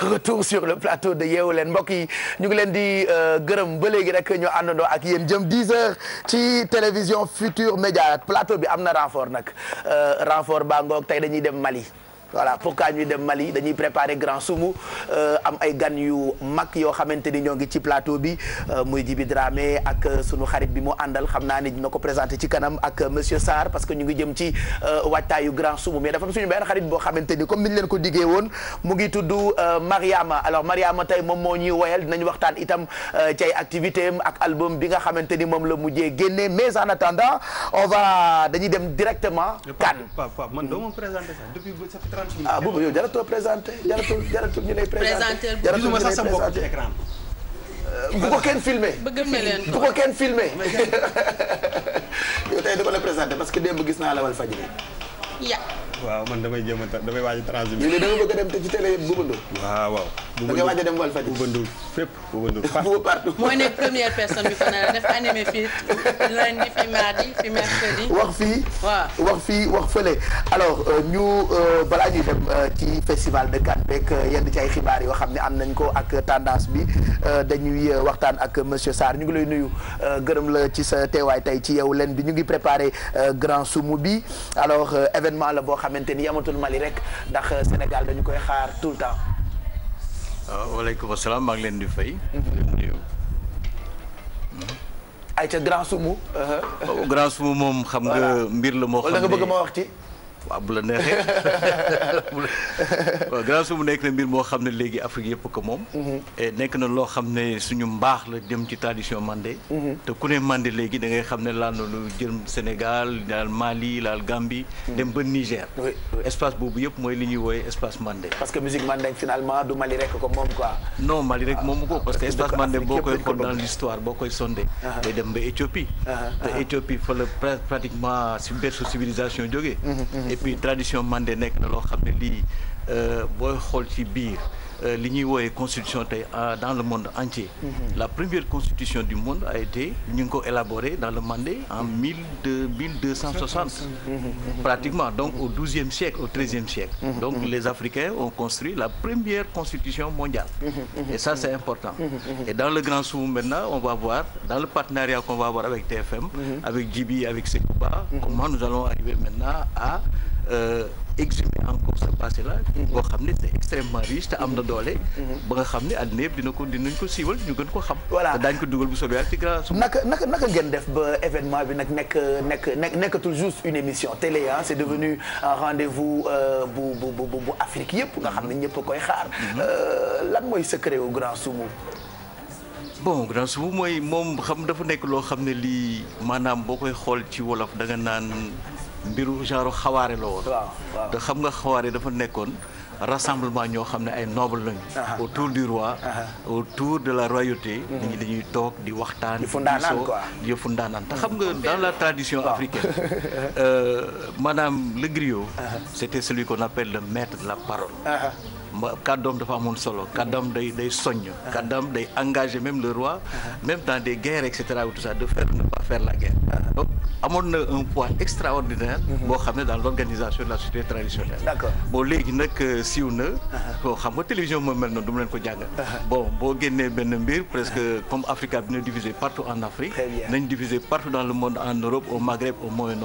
retour sur le plateau de Yeewu Leen mbokk yi ñu ngi leen di euh, gërëm ba léegi rek ñu àndandoo ak yen jëm 10 heures ci télévision Futur Média plateau bi am na renfort nag euh, renfort baa ngoog tey dañuy dem Mali. voilà pourquoi ñuy dem Mali dañuy préparer grand sumu euh, am ay gan yu mag yoo xamante ni ñoo ngi ci plateau bi euh, muy Djiby Dramé ak euh, sunu xarit bi mu àndal xam naa ni dina ko présenté ci kanam ak monsieur Sarr parce que ñu ngi jëm ci waajtaayu grand sumu mais dafa am suñu benn xarit boo xamante ni comme ni ñu leen ko diggee woon mu ngi tudd Mariama alors Mariama tey moom moo ñuy woyal dinañ waxtaan itam ci ay activité am ak album bi nga xamante ni moom la mujjee génnee mais en attendant on va dañuy dem directement. Cannes Pape Pape man présenté ah boobu yow jaratoo présenté jaratul jaratul ñu lay présenté jaratul ñu lay présenté euh, bu ko kenn filmé bu ko kenn filmé yow tey da ko la présenté parce que démb gis naa la Walfadjri waaw man damay jéem a damay waaj a transhumé. ñu ne dama bëgg a dem te ci télé yëpp Bouba Ndour. waaw waaw. da ngay waaj a dem wàllu faj. Bouba Ndour fépp Bouba première personne bi fan la def animé fii lundi fi mardi fi mercredi. wax fii. wax fii wax fële. alors euh, ñu euh, balaa ñuy dem euh, ci festival de Cannes yenn ci ay xibaar yoo xam ne am nañ ko ak tendance bi dañuy waxtaan ak monsieur Sarr ñu ngi lay nuyu gërëm la ci sa teewaay tey ci yow leen bi ñu ngi préparé grand sumu bi alors la boo xamante ni yamatul Mali rek ndax Sénégal dañu koy xaar tout le temps. waaw waaleykum salaam maa ngi leen di fay. ay ca grand sumu. Uh-huh. Oh, grand sumu moom xam nga mbir la moo. xam ne wala nga bëgg ma wax ci. waaw bu la neexee waaw gannaaw su mu nekk na mbir moo xam ne léegi Afrique yëpp ko moom. Mhm. nekk na loo xam ne suñu mbaax la jëm ci tradition mandé. Mhm. te ku ne mandé léegi da ngay xam ne laal na lu jëm Sénégal laal Mali laal Gambie. Mhm. dem ba Niger. espace boobu yëpp mooy li ñuy wooye espace mandé. parce que musique mandé finalement du Mali rek ko moom quoi. non Mali rek moomu ko ah, parce que espace mandé boo koy xool dans l'histoire boo koy sondé. Ah, ah. day dem ba Éthiopie. te Éthiopie fa pratiquement berceau civilisation et puis tradition mandé nekk na loo xam ne lii Euh, booy xool ci biir euh, li ñuy wooyee constitution tey euh, dans le monde entier mhm. la première constitution du monde a été ñu ngi ko élaborée dans le Mandé en mille deux mille deux cent soixante mhm. pratiquement donc au douzième siècle au treizième siècle mhm. donc les Africains ont construit la première constitution mondiale et ça c'est important et dans le Grand Sous maintenant on va voir dans le partenariat qu'on va avoir avec TFM avec Djibi avec Sékouba comment nous allons arriver maintenant à exhumer encore ce passé là boo xam ne c'est extrêmement riche te am na doole mhm. ba nga xam ne àddina yëpp dina ko dinañ ko siiwal ñu gën ko xam voilà daañ ko dugal bu soobee yàlla ci grand naka naka naka ngeen def ba événement bi nag nekk nekk nekkatul juste une émission télé ah c'est devenu un rendez-vous euh, bu bu bu bu Afrique yëpp nga xam ne ñëpp koy xaar mhm. euh, lan mooy secret wu grand sumu mooy moom xam dafa nekk loo xam ne lii maanaam boo koy xool ci wolof da nga naan mbiru genre xawaare la woon. te xam nga xawaare dafa nekkoon rassemblement ñoo xam ne ay noble lañu. autour du roi. autour de la royauté. Hmm. nit dañuy toog di waxtaan. di fundaanaan quoi te xam nga hmm. dans la tradition africaine. Euh, madame le griot. c'était celui qu'on appelle le maître de la parole. kàddoom dafa amoon solo kàddoom day day soññ kàddoom day engagé même le roi même dans des guerres et de faire ne pas faire la guerre donc amoon na un poids extraordinaire boo xam ne dans l'organisation de la société traditionnelle d'accord bon léegi nag euh, siiw na uh-huh. boo xam nga télévision moo mel noonu du mu leen ko jàng uh-huh. bon boo génnee benn mbir presque uh-huh. comme Africa bi na divisé partout en Afrique nañ divisé partout dans le monde en Europe au Maghreb au moyen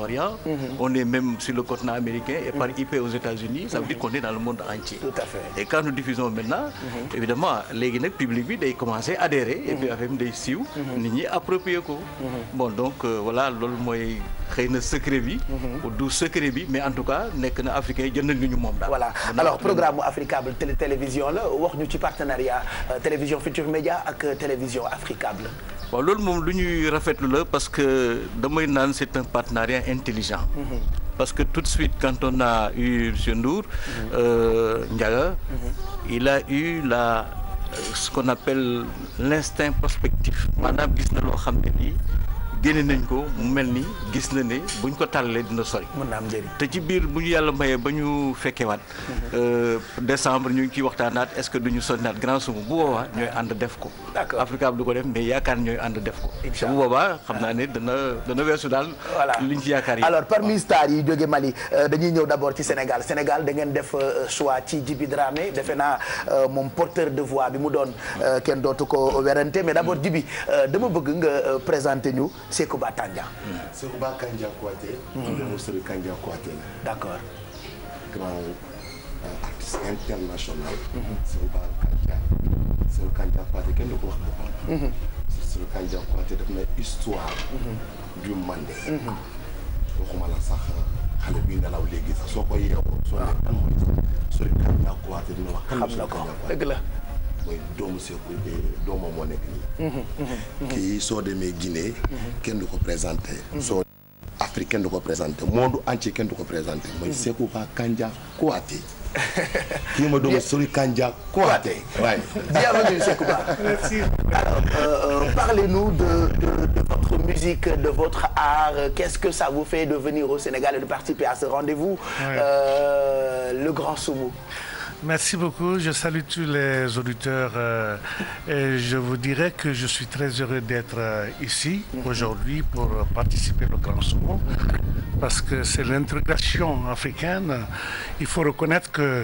Et quand nous na maintenant, mhm. évidemment léegi nag public bi day commencer adhérer. et puis mhm. affaire bi day siiw. Mhm. nit ñi approprier ko. bon donc wala euh, loolu mooy xëy na secret bi. du secret bi mais en tout cas nekk na africain jënd nañu moom daal. voilà programme mu Africable télé télévision la wax ñu ci partenariat euh, télévision Futur Média ak euh, télévision Africable. waa loolu moom lu ñuy rafetlu la parce que damay naan c'est un partenariat intelligent. parce que tout de suite, quand on a eu M. Ndour, euh, Ndiaga, il a eu la, euh, ce qu'on appelle l'instinct prospectif. Madame Gisnelo Khamdeli, génne nañ ko mu mel ni gis na ne bu buñ ko tàllalee dina sori. mën na am njëriñ te ci biir bu ñu yàlla mayee ba ñu fekkewaat. Mhm. Euh, décembre ñu ngi ciy waxtaanaat est-ce que du ñu sonnaat grand suma bu boobaa ñooy ànd def ko. d'accord Africa du ko def mais yaakaar ñooy ànd def ko. incha allah bu boobaa xam naa ne dana dana weesu daal. liñ ci yaakaar yi alors parmi stars yi jóge Mali euh, dañuy ñëw d'abord ci Sénégal Sénégal da ngeen def euh, choix ci Djiby Dramé defe naa moom porteur de voix bi mu doon kenn dootu ko werante mais d'abord mm. Djiby dama bëgg nga présenter ñu. Sekouba Tandia. Sekouba Kandia Kouaté. le hmm. monstre de Kandia Kouaté la. d' accord. grand euh, artiste international. Hmm. Sekouba Kandia. Sekouba Kandia Kouaté kenn du ko wax boppam. Hmm. Sekouba Kandia Kouaté daf na histoire. du Mandé. waxuma la sax euh, xale bi nelaw léegi sax soo ko yeewoo. soo nekk kan mooy Sekouba Kandia Kouaté dina wax. xam na ko dëgg la. mooy doomu Sékou doomam moo nekk nii. Mhm, mhm, mhm. kii soo demee Guinée. kenn du ko présenté. soo Afrique kenn du ko présenté monde entier kenn du ko présenté. mooy Sékou Ba Kanja Kouyaté. kii ma doomu Sori Kanja Kouyaté. parlez-nous de, votre musique de votre art qu'est-ce que vous fait de au Sénégal et de participer à ce rendez-vous. Euh, le grand Soumou. Merci beaucoup. Je salue tous les auditeurs euh, et je vous dirais que je suis très heureux d'être euh, ici aujourd'hui pour participer au Grand Sommet parce que c'est l'intégration africaine. Il faut reconnaître que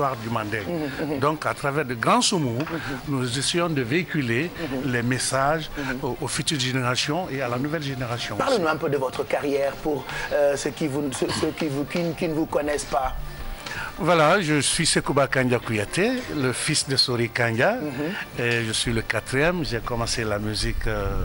l'histoire du Manding. Donc, à travers de grands mots, nous essayons de véhiculer les messages aux, aux, futures générations et à la nouvelle génération. Parlez-nous un peu de votre carrière pour euh, ceux, qui, ne vous connaissent pas. je suis Sekouba Kandja Kouyaté, le fils de Sori Kandja. Mm et je suis le quatrième. J'ai commencé la musique. Euh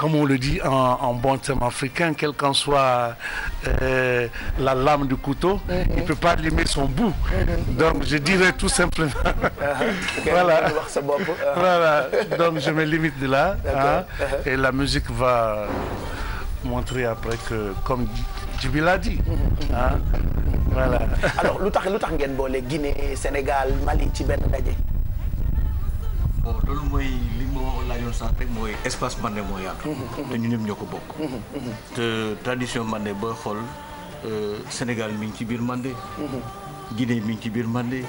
comme on le dit en, en bon terme africain, quelle qu'en soit euh, la lame du couteau, mm -hmm. il ne peut pas limer son bout. Mm -hmm. Donc je dirais tout simplement. Ah, okay. voilà. voilà. Donc je me limite de là. Hein, uh-huh. et la musique va montrer après que, comme Djibi l'a dit, mm-hmm. hein, voilà. Alors lu tax lu tax ngeen boole Guinée Sénégal Mali ci benn daje. bon loolu mooy li ma wax laajoon sànq rek mooy espace Mandé moo yaatu. Mhm, mhm. te ñu ñëpp ñoo ko bokk. Mhm, tradition Mandé ba xool euh, Sénégal mi ngi ci biir Mandé. Guinée mi ngi ci biir Mandé.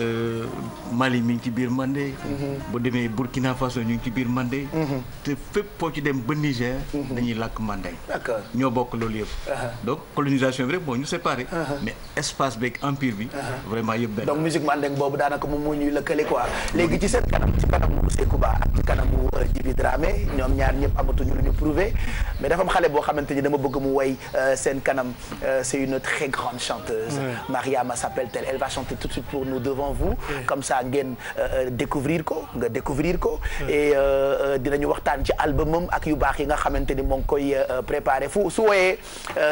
Euh, Mali mi ngi ci biir Mandé. Mhm. boo demee Burkina Faso ñu ngi ci biir Mandé. Mhm. te fépp foo ci dem ba Niger. Mhm. dañuy làkk Mandé. d'accord ñoo bokk loolu yëpp. donc colonisation bi rek moo ñu séparé. mais espace beeg empire bi. vraiment yëpp benn donc musique Mandé boobu daanaka moom moo ñuy lëkkale quoi léegi ci seen kanam ci kanamu Sékou Ba ak ci kanamu euh, Djiby Dramé ñoom ñaar ñëpp amatuñu lu ñu prouvé mais dafa xale boo xamante ni dama bëgg mu woy euh, seen kanam c'est une très devant vous comme ça ngeen euh, euh, découvrir ko nga découvrir ko et euh, dinañu waxtaan ci albumam ak yu baax yi nga xamante ni moo ngi koy préparer fu su wooyee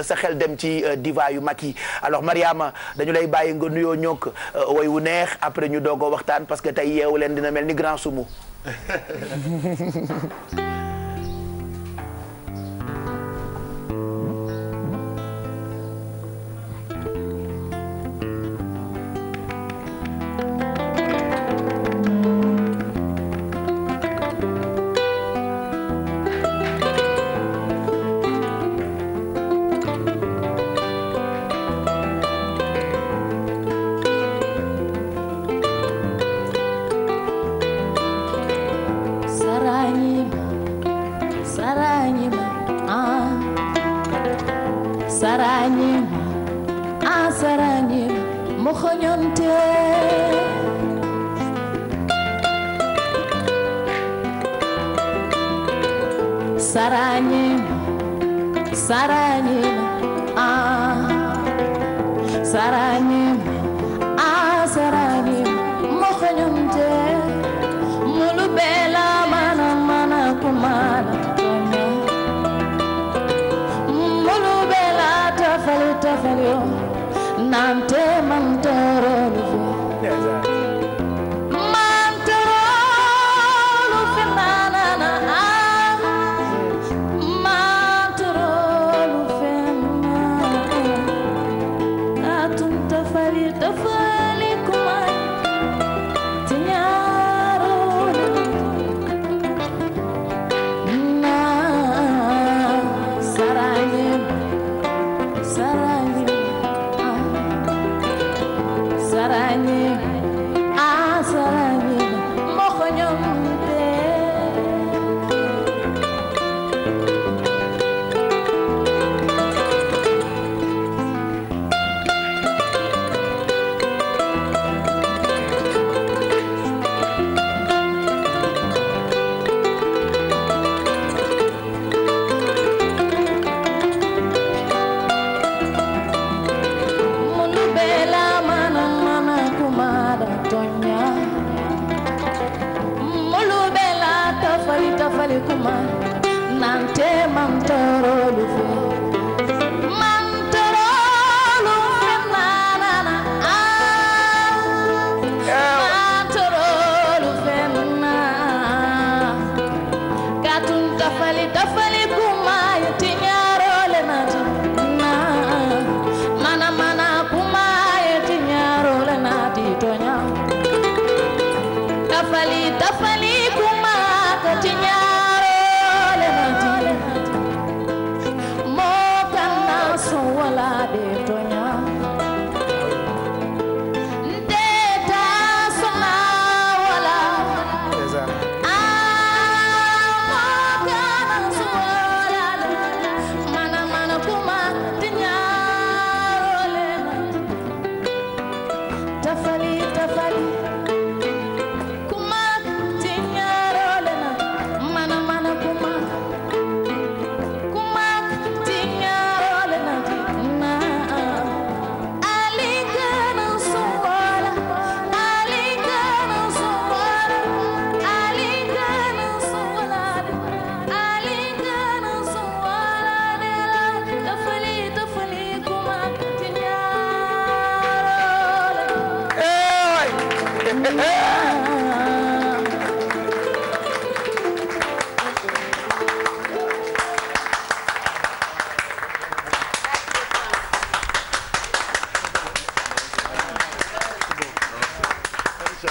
sa xel dem ci diva yu mag yi alors Mariama dañu lay bàyyi nga nuyoo ñokk woy wu neex après ñu doogoo waxtaan parce que tey yeewu leen dina mel ni grand sumu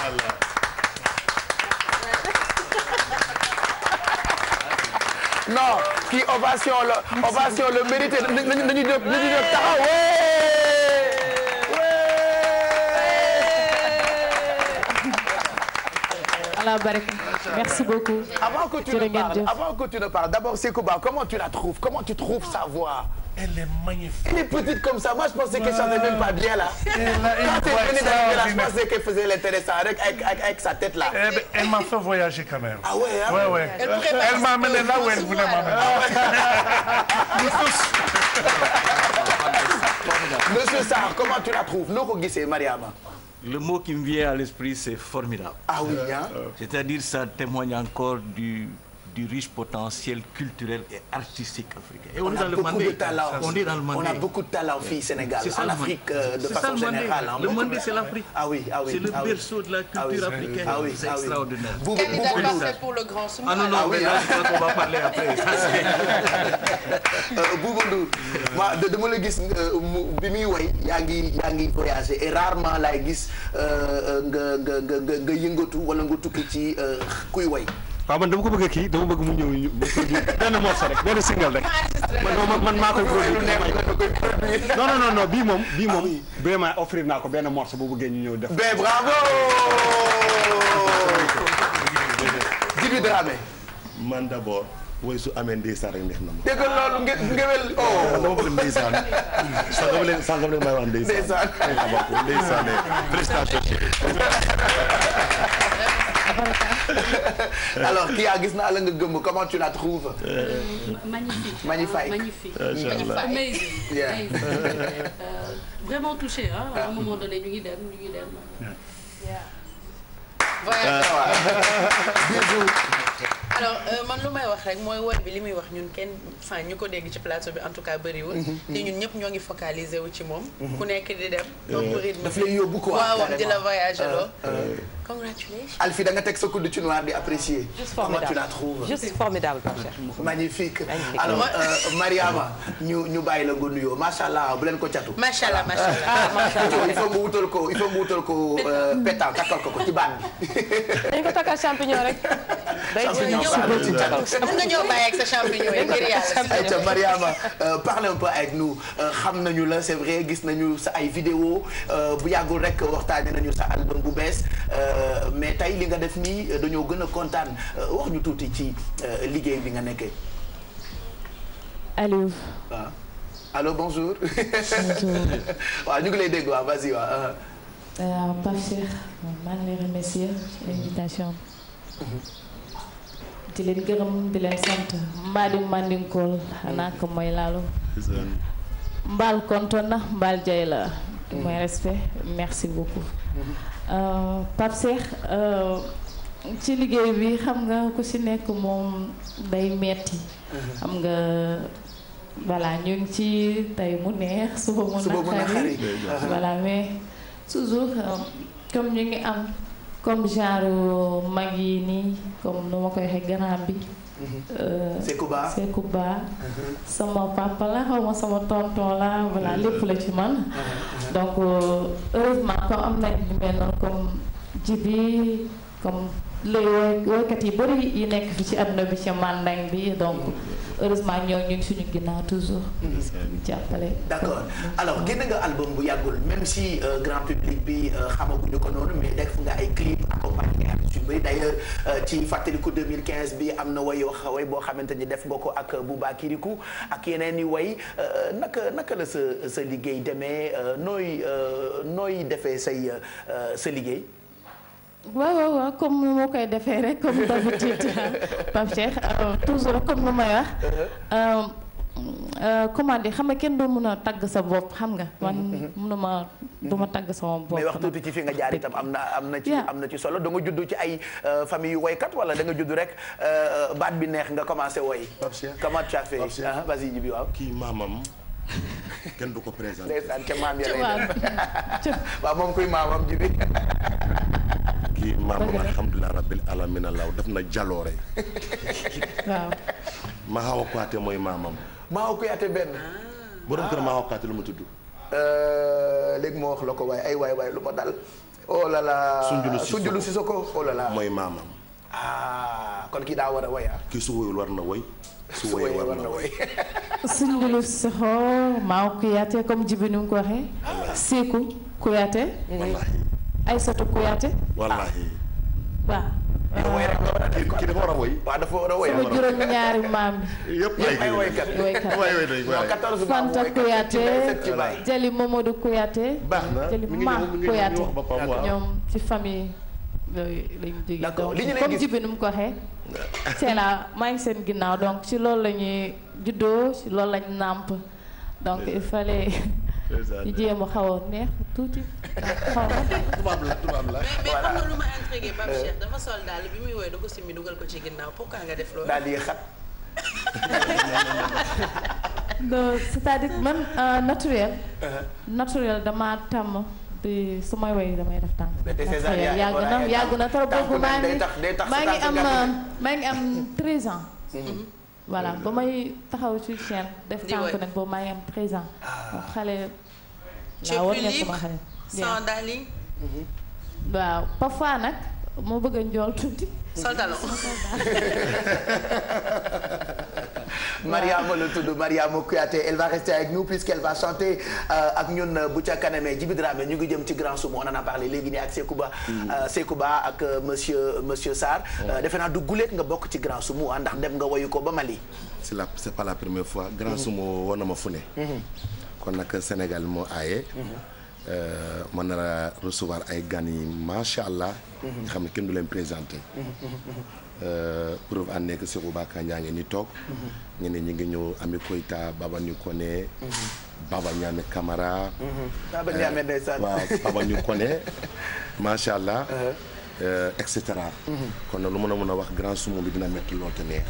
macha allah. non ovation la ovation la mérité nañu nañu jóg nañu jóg taxaw Allah baraka merci beaucoup. avant que tu ne parles avant que tu Elle est magnifique. Elle est petite comme ça. Moi, je pensais pas bien là. Elle a quand elle venait d'arriver là, je pensais qu'elle faisait l'intéressant avec, sa tête là. Elle, eh elle m'a fait voyager quand même. Ah ah Monsieur Sarr, comment tu la trouves? noo ko gisee Le mot qui vient à l'esprit, c'est formidable. Ah oui, euh, C'est-à-dire ça témoigne encore du du riche potentiel culturel et artistique africain. Et on, on, a beaucoup de talent. On est dans le Mandé. On a beaucoup de talent filles Sénégal, en Afrique euh, de façon générale. Hein, le Mandé, c'est l'Afrique. Ah oui, ah oui. C'est le ah berceau oui. de la culture ah oui, africaine. Ah oui, c'est ah extraordinaire. Vous, vous, vous c'est pour le grand Ah non, non, ah mais là, je ah crois qu'on va parler après. Boubou euh, moi, de dama la gis euh, bi muy woy yaa ngi yaa ngi voyager et rarement laay gis euh, nga nga nga nga yëngatu wala nga tukki ci kuy woy waa man dama ko bëgg kii dama bëgg mu ñëw ñu benn morceau rek benn single rek man man maa koy produire non non bii moom bii moom vraiment ah offrir naa ko benn morceau bu bëggee ñu ñëw def. mais bravo. Djiby Dramé. man d'abord. woy su amee ndeysaan rek neex na ma. dégg loolu nge ngewel. Oh. dama bëgg alors a gis naa la nga gëmm comment tu la trouves. Euh, magnifique magnifique ah, magnifique. amazing euh, vraiment touché ah à un moment donné ñu ngi dem ñu ngi dem. alors euh, man lu may wax rek mooy woy bi li muy wax ñun kenn enfin ñu ko dégg ci plateau bi en tout cas bëriwul. Mm-hmm, mm-hmm. te ñun ñëpp ñoo ngi focaliser wu ci moom. Mm-hmm. ku nekk di dem. Euh, donc rythme daf lay yóbbu quoi waaw wax di la voyagé loo. Euh, congratulations. Alfie da nga teg sa coude ci noir di apprécier. juste formidable comment tu la trouves. juste formidable ma chère. magnifique alors Mariama ñu ñu bàyyi la nga nuyoo macha allah bu leen ko catu. macha allah macha allah ah, macha allah il faut nga wutal ko il faut ko pétan takkal ko ayca Mariama parle un peu avec nous xam nañu la c'est vrai gis nañu sa ay vidéo bu yàggul rek waxtaane nañu sa album bu bees mais tey li nga def nii dañoo gën a kontaan wax ñu tuuti ci liggéey bi nga nekkee allo waaw allo bonjour waaw ñu ngi lay dégg waaw vas-y waaw Pape Cheikh maa ngi invitation di leen gërëm di leen sant mbaadin mandinkool xanaa ko mooy laalu mbaal kontoon na mbaal jay la mm. mooy respect merci beaucoup euh, Pape euh, ci liggéey bi xam nga ku ci nekk moom day metti uh-huh. xam nga voilà ñu ngi ci tey mu neex suba mu naqari voilà mais toujours euh, comme ñu ngi am comme genre mag yi nii comme nu ma koy waxee grand bi. Sekou Ba Sekou Ba sama papa la ma sama tonton la voilà mhm. lépp la ci man. Mhm, mhm. donc euh, heureusement comme am nañ ñu mel noonu comme jibi comme les woykat yu bëri yi nekk fi ci àdduna bi ci mandang bi donc. heureusement ñoo ñu ngi suñu ginnaaw toujours. Mm-hmm. jàppale. d'accord mm-hmm. alors mm-hmm. génn nga album bu yàggul même si euh, grand public bi euh, xamaguñu ko noonu mais def nga ay clip accompagné artistes yu bëri d'ailleurs euh, ci fàttaliku 2015 bi am na way yoo way boo xamante ni def nga ko ak Bouba Kirikou ak yeneen i way naka naka la sa sa liggéey demee nooy nooy defee say sa liggéey. waaw waaw comme ni koy defee rek comme d'habitude Pape Cheikh euh, toujours comme nu may wax. Uh-huh. Euh, euh, comment xam nga kenn doo mun a tagg sa bopp xam nga. man mënuma mm-hmm. duma tagg sama bopp. mais wax tuuti ci fi nga jaar itam am na am na ci am na ci solo da nga judd ci ay famille yu woykat wala da nga judd rek baat bi neex nga commencé woy. Pape Cheikh comment tu as fait ah vas-y maamam kenn du ko présenté. ndeysaan ca maam ya lay def waaw moom kuy maamam Djibi. kii maamam alhamdulilah rabbil alamina law na jaloore. waaw. Mahawa Kuyaate mooy maamam. Mahawa Kuyaate ah. lu mu tudd. Euh, léegi moo wax la ko waaye ay waay waay lu ma dal. oh là Sunjulu Sissoko Sunjulu Sissoko oh là mooy maamam. Ah, ah kii su woyul war na woy. su woyee war na woy Sunjulu Sissoko Mahawa Kuyaate comme jibi nu mu ko waxee. Seeku Kuyaate. Aïssatou Kouyaté. wallaahi. waaw. kii dafa war a woy. waaw a woy. sama juróom ñaari maam yi. yëpp Fanta Kouyaté Jali Momadou Kouyaté. baax na ma Kouyaté ñoom ci famille. yooyu jógee comme jibi nu mu ko waxee. c'est maa ngi seen ginnaaw donc ci loolu la ñuy juddoo ci loolu lañu nàmp donc il fallait. ñu jéem a xaw a neex tuuti. xaw ma tubaab la tubaab la. mais mais xam nga lu ma intrigué Pape Cheikh dafa sol daal bi muy woy da ko simmi dugal ko ci ginnaaw pourquoi nga def loolu. daal di xat. non c'est-à-dire man euh, naturel. Uh-huh. naturel damaa tàmm. di su may woy damay def tànk. yàgg na yàgg na trop boobu maa ngi euh, maa ngi am maa ngi am 13 ans. Mm-hmm. voilà ba may taxaw ci def tànk nag boobu maa ngi am 13 ans. donc xale. waaw war xale. sans waaw parfois nag moo bëgg a njool tuuti. sol talon Mariama la tudd Mariama Kouyaté elle va rester avec nous puisqu'elle va chanter euh, ak ñun euh, bu ca kanamee Djiby Dramé ñu ngi jëm ci grand soum on en a parlé léegi nii ak Sékou Ba mm. euh, Sékou Ba ak monsieur monsieur Sarr defe naa du guleet nga bokk ci grand soum ah ndax dem nga woyu ko ba Mali c'est la c'est pas la première fois grand mm-hmm. soum woon ma fu mm-hmm. kon nag Sénégal moo aaye mm-hmm. Euh, mën na la recevoir ay gan yi macha allah. Mhm. nga xam ne kenn du leen présenté. Mhm. Euh, preuve en est que Sekou Ba Kandia ngeen di toog. Mhm. ñeneen ñi ngi ñëw Ami Koita Baba ñu Koné. Baba Ñaame Camara. Baba Ñaame euh, ndeysaan waaw Baba ñu Koné macha allah. Euh, et cetera. kon na lu mën a mën a wax grand sumo bi dina metti lool te neex.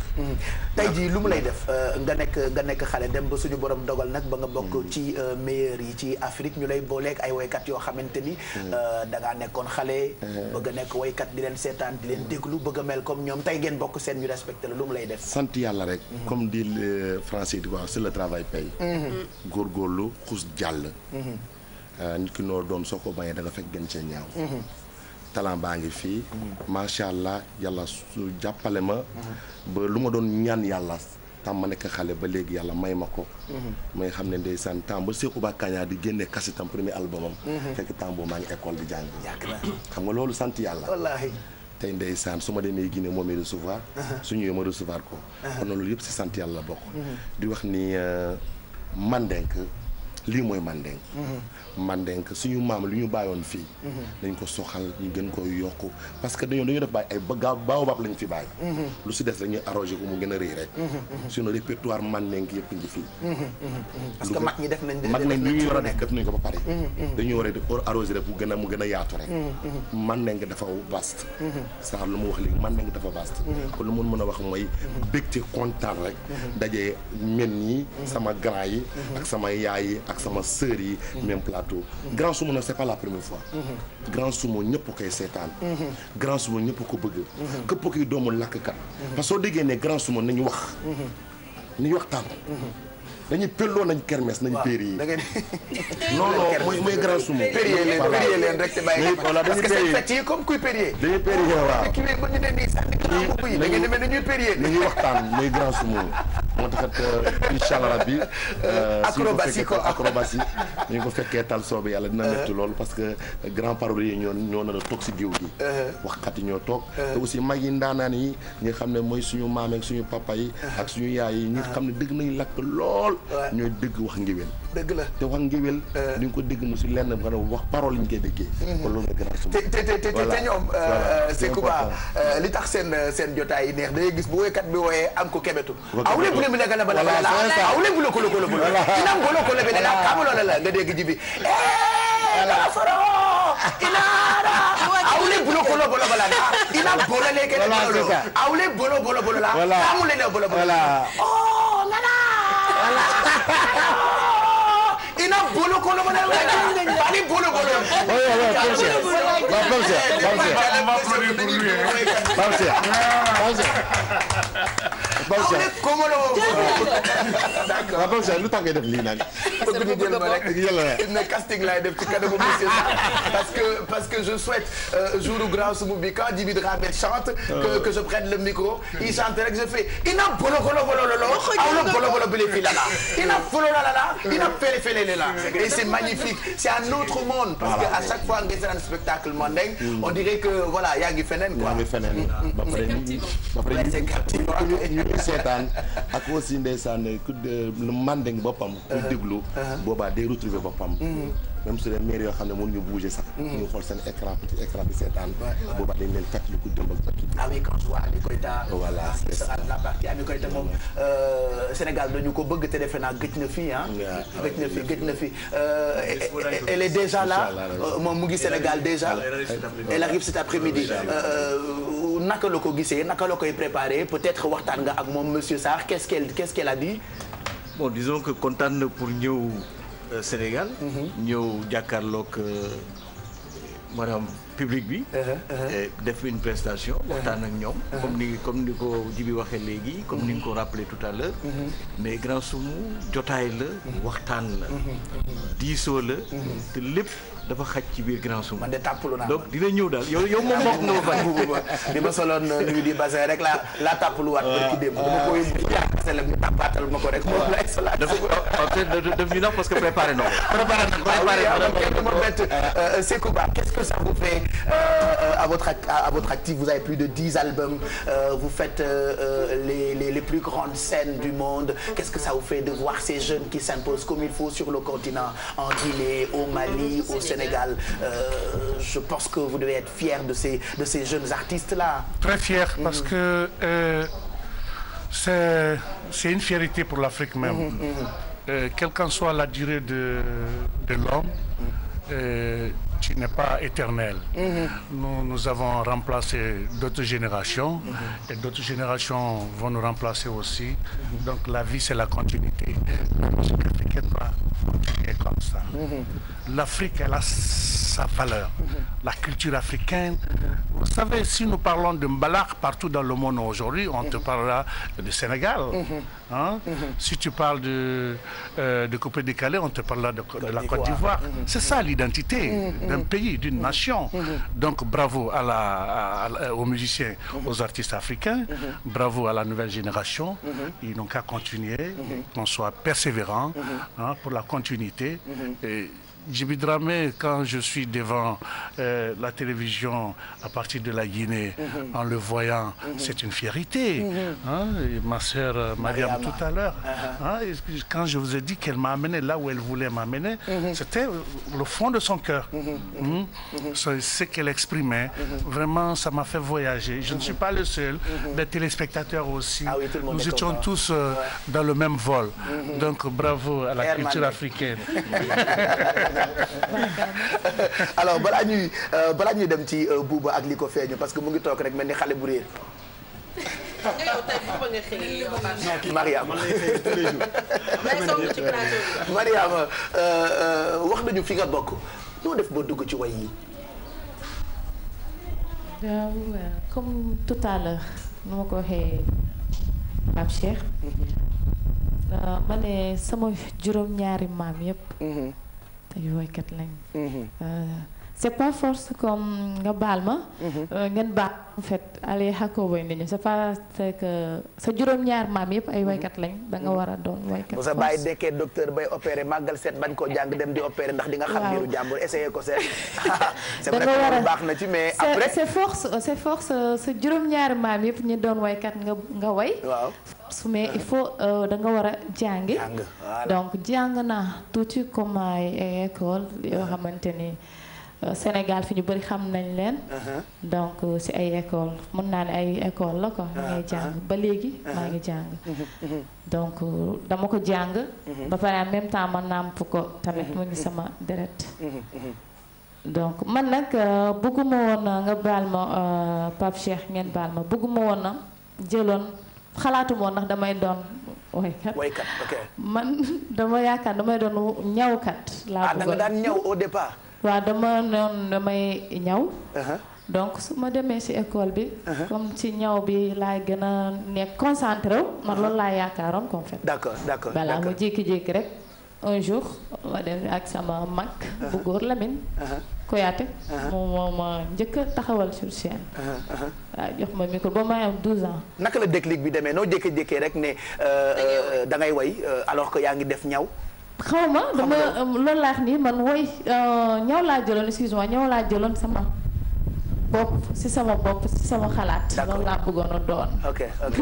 tey jii lu mu lay def euh, nga nekk nga nekk xale dem ba suñu borom dogal nag ba nga bokk mm. ci euh, meilleurs yi ci Afrique ñu lay booleek ay woykat yoo xamante ni. Mm. da ngaa nekkoon xale. Mm. bëgg a nekk woykat di leen seetaan di leen déglu bëgg a mel comme ñoom tey ngeen bokk seen ñu respecté la lu mu lay def. sant yàlla rek. Mm-hmm. comme di français di ko wax c'est le travail góor mm-hmm. góorgóorlu xus jàll. Mm-hmm. nit ki noo doon soo ko bañee da talent baa ngi fii mm-hmm. macha allah yàlla su jàppale ma mm-hmm. ba lu ma doon ñaan yàlla tam ma nekk xale ba léegi yàlla may ma ko mm-hmm. may xam ne ndeysaan temps ba Sékou Ba Kanya di génne kasitam premier albumam fekk temps boobu maa ngi école di jàng xam nga loolu sant yàlla wallaahi tey ndeysaan su ma demee Guinée moom mi recevoir uh-huh. su ñëwee ma recevoir ko uh-huh. kon loolu yëpp si sant yàlla la bokk di wax ni euh, Mandenk lii mooy Mandenk Mandenk suñu maam li ñu bàyyoon fii. Mhm. dañ ko soxal ñu gën ko yokk parce que dañoo dañoo def bàyyi ay ba baobab lañ fi bàyyi. Mhm. lu si des rek ñu arrosé ko mu gën a rëy rek. Mhm, suñu répertoire Mandenk yëpp ngi fii. parce que mag ñi def nañ mag nañ li a def nañ ko ba pare. dañoo war a def arrosé rek mu gën a mu gën a yaatu rek. Mandenk dafa vaste. saa lu mu wax léegi Mandenk dafa vaste. kon lu mun mën a wax mooy. bég ci kontaan rek. daje men yi sama grand yi. ak sama yaay yi ak sama sœur yi. même place à tout grand sumo nag c'est a la première fois mhm. grand sumo ñëpp koy seetaan mhm. grand sumo ñëpp ko bëgg mhm. këpp koy doomu lakkat parce que soo déggee ne grand sumo nañu wax nañu waxtaan dañuy pelloo nañ kermesse nañu péri yi non non mooy mooy grand sumo périer leen périer leen yi comme kuy périer dañuy grand sumo moo taxat euh, incha allah rabbi. Euh, acrobatie ko acrobatie ñu fekkee tal soobee yàlla dina euh. métti parce que grand parolier ñoo ñoo nar si géew gi. waxkat yi ñoo toog. te mag yi ndaanaan yi ñi xam ne mooy suñu maam suñu papa yi. ak suñu yaay yi ñi xam ne dëgg nañu lakk lool. ñooy dëgg wax ngéwél. dëgg la te wax ngéwél. ni nga ko dégg mu si lenn nga ne wax parole ñu koy déggee. Mhm. te te te ñoom. c'est li tax seen seen jotaay yi neex day gis bu woykat bi wooyee am ko kebetu. bina gana bala bala awle bulo kolo kolo bulo ina ngolo kolo bina na kamulo la la ngade gijibi eh bala soro ina ra bulo kolo bolo bala na ina bolo le gele bolo awle bolo bolo bolo la kamule ne bolo bolo oh la la ina bolo kolomon na ani bolo kolomon. oui oui Pape Cheikh Pape Cheikh Pape Cheikh. on va applaudir pour lui Pape Cheikh Pape Cheikh. Pape Cheikh comme la. Pape Cheikh lu tax ngay def lii nag. bëgg di jël ma rek yàlla na casting laay def ci kanamu monsieur parce que parce que je souhaite jour u grand sumu bi quand Djiby Dramé chante. que que je prenne le micro. il chante rek je fais ina bolo kolomon lolo. aw na bolo bolo bile fii la la. ina folo la la la. ina fele fele est là et c'est magnifique c'est un autre monde parce que à chaque fois nga seetaan spectacle mondain mm. on dirait que voilà yaa ngi feneen quoi yaa ngi feneen ba pare ba pare ñu ñu seetaan ak aussi ndeysaan ku euh, mandeng boppam uh-huh. ku déglu uh-huh. boobaa de retrouver boppam mm. même su dee maire yoo xam ne mën ñu bouger sax mm-hmm. ñu xool seen écran petit écran bi seetaan boobaa dañ leen fàttali ko démb ak barki ah oui quand je vois Ami Koïta euh, euh, dañu ko bëgg te defe naa gëj na fii ah na fii gëj na fii euh, elle est déjà là moom mu ngi Sénégal déjà elle arrive cet après-midi naka la ko gisee naka la koy préparé peut-être waxtaan nga ak moom monsieur Sarr qu'est-ce qu'elle qu'est-ce qu'elle a dit disons que kontaan pour ñëw Euh, Sénégal. Mhm. ñëw jàkkaarloog euh, maanaam public bi. Uh-huh, uh-huh. def une prestation. Uh-huh. waxtaan ak ñoom. comme ni comme ni ko Jibi waxee léegi. comme ni nga ko rappelé tout à l'heure mais Grand Soumou jotaay la. waxtaan la. diisoo la. te lépp. dafa xaj ci biir grand suma man de tàppalu naa donc dina ñëw daal yow yow moom wax nga ba pare bi ma soloon euh, nuyu di bassin rek laa laa tàppaluwaat barki démb dama ko yóbbu yaaselem ñu tàppaatal ma ko rek moom la excellence daf ñu nax parce que préparé na ko préparé na préparé na ah, ma bett euh, euh, Sékou Ba qu'est-ce que ça vous fait à votre à votre actif vous avez plus de dix albums vous faites les les les plus grandes scènes du monde qu'est-ce que ça vous fait de voir ces jeunes qui s'imposent comme il faut sur le continent en Guinée au Mali au Sénégal Sénégal euh, je pense que vous devez être fier de ces de ces jeunes artistes là. très fier mm-hmm. parce que euh, c'est c'est une fierté pour l'Afrique même. Mm-hmm, mm-hmm. Euh, quelle qu'en soit la durée de de l'homme tu n'es pas éternel. Mm -hmm. Nous nous avons remplacé d'autres générations mm -hmm. et d'autres générations vont nous remplacer aussi. Mm -hmm. Donc la vie c'est la continuité. La musique africaine doit continuer comme ça. l'Afrique, elle a sa valeur. Mhm. La culture africaine. Vous savez, si nous parlons de Mbalak partout dans le monde aujourd'hui, on te mhm. parlera du Sénégal. Mhm. Hein? Si tu parles de, euh, de Coupé Décalé, on te parlera de, de la Côte d'Ivoire. C'est ça l'identité d'un pays, d'une nation. Donc bravo à la, à la, aux musiciens, aux artistes africains. Bravo à la nouvelle génération. Ils n'ont qu'à continuer, qu'on soit persévérant hein, pour la continuité. Et, Djiby Dramé, quand je suis devant euh, la télévision à partir de la Guinée, mm -hmm. en le voyant, mm -hmm. c'est une fierté. Mm -hmm. hein? et ma sœur euh, Mariam, Mariam, tout à l'heure, uh -huh. hein? quand je vous ai dit qu'elle m'a amené là où elle voulait m'amener, mhm. c'était euh, le fond de son cœur. Mhm. Mhm. Ce qu'elle exprimait, vraiment, ça m'a fait voyager. Je ne suis pas le seul, les téléspectateurs aussi. Ah oui, le Nous étions content. tous euh, ouais. dans le même vol. Donc bravo à la Air culture Manu. africaine. alors balaa ñuy euh, balaa ñuy dem ci euh, buuba ak li ko feeñu parce que mu ngi toog rek mel ni xale bu réer. Mariama euh, wax nañu fi nga bokk noo def boo dugg ci way yi waaw comme tout à nu ma ko waxee mhm. ma ne sama juróom-ñaari maam yépp mhm. ay woykat lañ mm-hmm. euh, c'est pas force comme nga baal ma. Mhm. Euh, ngeen baax en fait allez xàkkoo bay nañu c'est pas c'est que sa juróom-ñaar maam yëpp ay mhm. waykat lañ da nga mhm. war a doon waykat. sa bàyyi dekkee docteur bay opéré màggal seet bañ koo jàng dem di opéré ndax di nga xam biiru jàmbur ko seet. da a baax na ci mais après c'est force euh, sa juróom maam yëpp ñu doon waykat nga nga way. waaw force mais il faut euh, danga nga war a jàngi. donc jàng naa tuuti comme ay école yoo xamante ni. Euh, Sénégal fi ñu bëri xam nañ leen. donc si euh, ay école mën naa ne ay école la ko ma jàng ba léegi maa ngi jàng. Ah. Ah. Mhm, mhm. donc euh, dama ko jàng. Mhm. ba pare en même temps ma nàmp ko tamit mu ngi sama deret. donc man nag bëgguma woon nga baal ma Pape Cheikh ngeen baal ma bëgguma woon na jëloon xalaatuma woon ndax damay doon. woykat man dama yaakaar damay doon ñawkat. laa ah, bëggoon ah waa dama noonu damay ñaw. Uh-huh. donc su ma demee ci école bi. Uh-huh. comme ci ñaw bi laay gën a nekk concentré ma man loolu laa yaakaaroon comme fait. d'accord d'accord voilà mu jékki-jékki rek un jour ma dem ak sama mag. Uh-huh. bu góor lamin Koyaate. moom ma njëkk a taxawal sur scène. waaw jox ma micro ba may am 12 ans. naka la déclic bi demee noo jékki-jékkee rek ne. da ngay way alors que yaa ngi def ñaw. xaw ma dama um, loolu laax nii man woy euh, ñaw laa jëloon excuse-moi ñaw laa jëloon sama bopp si sama bopp si sama xalaat. loolu laa bëggoon doon. ok ok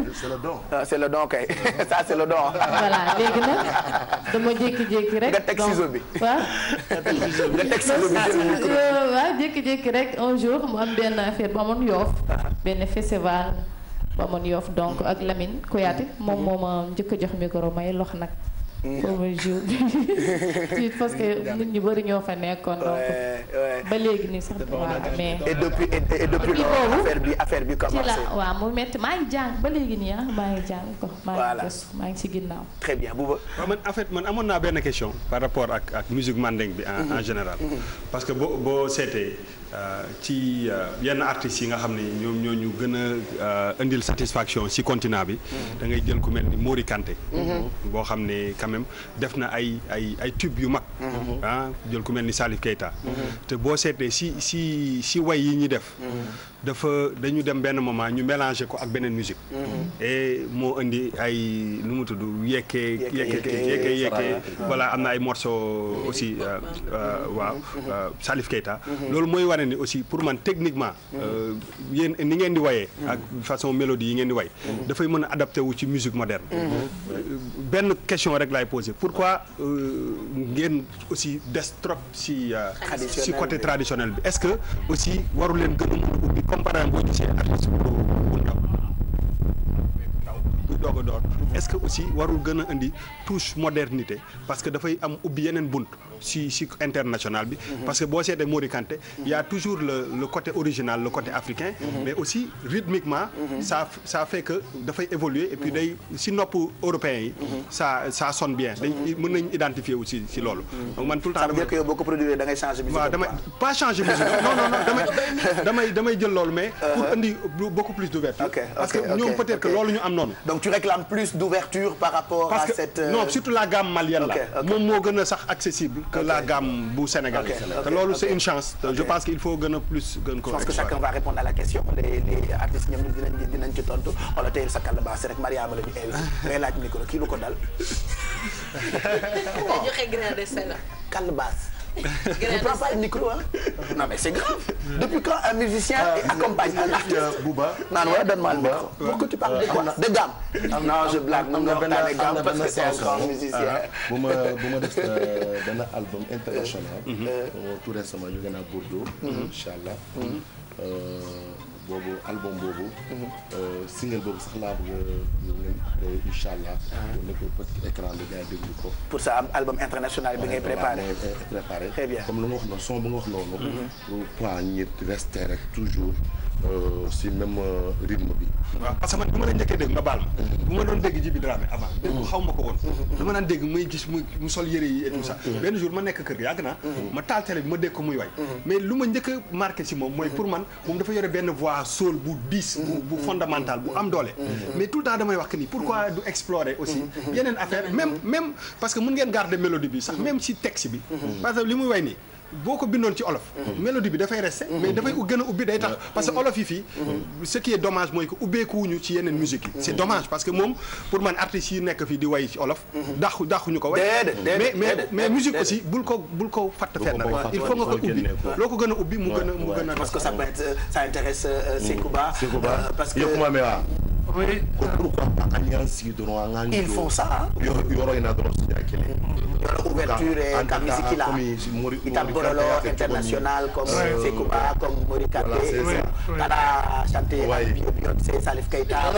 don. Ah, c'est le don ah, kay mm-hmm. léegi nag dama jékki-jékki rek. nga teg ciseau bi waaw. nga teg ciseau bi euh, jékki-jékki rek un mu am benn affaire ba amoon yoof ah, benn festival ba amoon yoof donc ak Lamine Kouyaté moom moo ma njëkk jox micro may lox nag. boobu jour bi parce que nit ñu bëri ñoo fa nekkoon. donc ba léegi nii sax waaw mais. et depuis et depuis loolu affaire bi affaire bi commencé. waaw mu métti maa ngi jàng ba léegi nii ah maa ngi jàng ko. maa ngi ci ginnaaw. très bien bu ba. man en man amoon naa benn question. par rapport ak ak musique mandeng bi en en mm-hmm. général. Mm-hmm. parce que boo boo seetee. Euh, ci euh, yenn artistes yi nga xam ne ñoom ñoo ñu gën a euh, indil satisfaction si continent bi. Mm-hmm. da jël ku mel ni Mori Kanté. Mm-hmm. boo xam ne quand def na ay ay ay tubes yu mag. Mm-hmm. Ah, jël ku mel ni Salif Keita. te boo seetee si si si way yi ñu def. dafa dañu dem benn moment ñu mélanger ko ak beneen musique mhm. et moo indi ay nu mu tudd yekkee yekkee yekkee yekkee mhm. am na ay morceaux aussi euh, euh, waaw mhm. euh, Salif Keita loolu mooy wane ni aussi pour man techniquement yéen ni ngeen di wayee ak façon mélodie yi ngeen di way dafay mën a adapté wu ci musique moderne benn question rek laay posé pourquoi ngeen aussi des trop si si côté traditionnel bi est-ce que aussi waru leen gën a mën comparant boo gisee artiste bu bu ndaw. Ah, buy doog a door est-ce que aussi warul gën a indi touche modernité parce que dafay am ubbi yeneen bunt si si international bi mhm. parce que boo seetee Mori Kanté mhm. y a toujours le le côté original le côté africain mhm. mais aussi rythmiquement ça ça fait que dafay évoluer et day si nopp européen yi ça ça sonne bien dañ mën nañ identifier aussi si loolu donc man tout le temps ça veut dire que boo ko produire da ngay waaw damay pas changer musique non non damay damay jël loolu mais pour uh-huh. indi beaucoup plus d'ouverture donc tu réclames plus d'ouverture par rapport Parce à que, cette euh... non surtout la gamme malienne la moom moo gën a sax accessible que okay. la gamme bu Sénégal loolu c'est une chance je pense qu'il faut gën a plus gën ko je pense que chacun va répondre à la question les les artistes ñoom ñu dinañ ci tontu wala tey sa calebasse rek Mariama la ñu eewi ngay laaj micro kii lu ko dal calebasse ne prends pas le micro hein. non mais c'est grave. depuis quand un musicien ah, accompagne un artiste. Bouba naan wala donne-moi le micro. pour que tu parles de ah, quoi de gamme. am na non je blague am ah, na benn am na benn chanson bu ma bu ma def benn album international. Mm-hmm. Euh, tout récemment ñu gën a Bordeaux. Mm-hmm. incha allah. Mm-hmm. Euh, boobu album boobu. Mhm. Euh, single boobu sax laa bëgg a ngeen euh, incha allah. pour ne ko petit écran bi gars yi déglu ko. pour sa album international bi ngay préparé préparé. très bien comme lu nga wax noonu son bu nga wax noonu. Mhm. pour point ñi rester rek toujours. Euh, si même euh, rythme bi. waaw parce que man bu ma la njëkkee dégg nga baal ma. Mm-hmm. bu ma doon dégg Djiby Dramé avant. Mm-hmm. dégg xaw ma ko woon. Mm-hmm. dama naan dégg muy mu sol yëre yi et tout benn jour ma nekk kër yàgg naa. ma taal télé bi ma dégg ko muy way. mais lu ma njëkk a marqué si moom mooy pour man moom dafa yore benn voix soul bu diis. bu fondamental bu am doole. mais tout le temps damay wax que ni pourquoi du explorer aussi. yeneen affaire même même parce que mën ngeen garder bi sax li muy way nii. boo ko bindoon ci olof mm-hmm. mélodie bi dafay resté mais dafay gën a ubbi day tax mm-hmm. parce que olof yi fii mm-hmm. ce qui est dommage mooy que ubbeekuwuñu ci yeneen musique yi c'est dommage parce que moom pour man artistes yi nekk fii di way ci olof dàqu ko way mais mais musique aussi bul ko bul ko fàtt fenn rek il faut nga ko ubbi loo ko gën a ubbi mu gën a mu gën a parce que ça peut être euh, ça intéresse euh, mm. Sékouba euh, parce que oui ko pourquoi pas an y'an sigi dɔrɔn an k'an jɔ ils font in na dɔrɔn siɲɛ kelen. yɔrɔ mm, mm, mm. ouverture international comme Sekouba comme Mori Kante kana Salif Keita.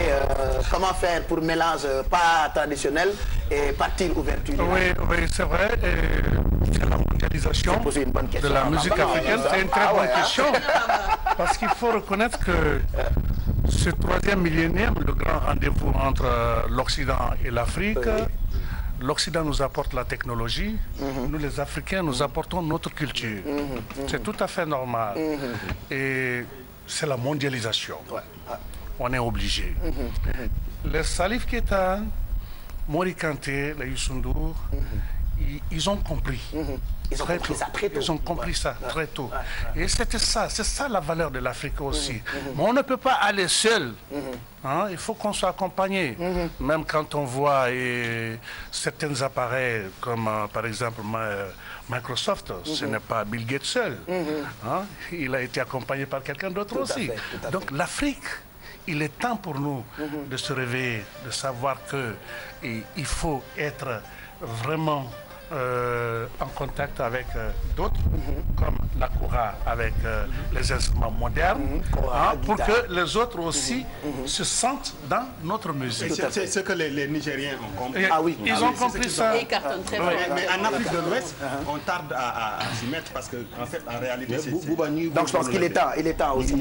Euh, comment faire pour mélange euh, pas traditionnel et partir ouverture. c'est vrai. Ah c'est une bonne question parce qu'il faut reconnaître que ce troisième millénaire, le grand rendez-vous entre euh, l'Occident et l'Afrique, l'Occident nous apporte la technologie, mhm. nous les Africains nous apportons notre culture. Mhm. Mhm. C'est tout à fait normal. Et c'est la mondialisation. Ah. On est obligé. Le Salif Keita, Mori Kanté, le Youssou Ndour ils ont compris. Mhm. Ils ont très compris tôt. ça très tôt. Ils ont compris ouais. ça très tôt. Ouais. Et c'était ça, c'est ça la valeur de l'Afrique aussi. Mm -hmm. Mais on ne peut pas aller seul. Mm -hmm. hein? Il faut qu'on soit accompagné. Mm -hmm. Même quand on voit et, certains appareils, comme euh, par exemple ma, Microsoft, ce mhm. n'est pas Bill Gates seul. Mhm. Hein? Il a été accompagné par quelqu'un d'autre aussi. Fait, Donc l'Afrique, il est temps pour nous de se réveiller, de savoir qu'il il faut être vraiment euh, en contact avec euh, d'autres, mm -hmm. comme la Koura avec euh, mhm. les instruments modernes, mm -hmm. hein, pour que les autres aussi mhm. Mhm. se sentent dans notre musique. C'est ce que les, les Nigériens ont compris. Et, ah oui, ils ah ont oui, compris ça. Ils très oui. bien. Mais, en Afrique de l'Ouest, on tarde à, à, à parce qu'en en fait, en réalité, c'est. Donc je pense qu'il est temps, il est temps aussi.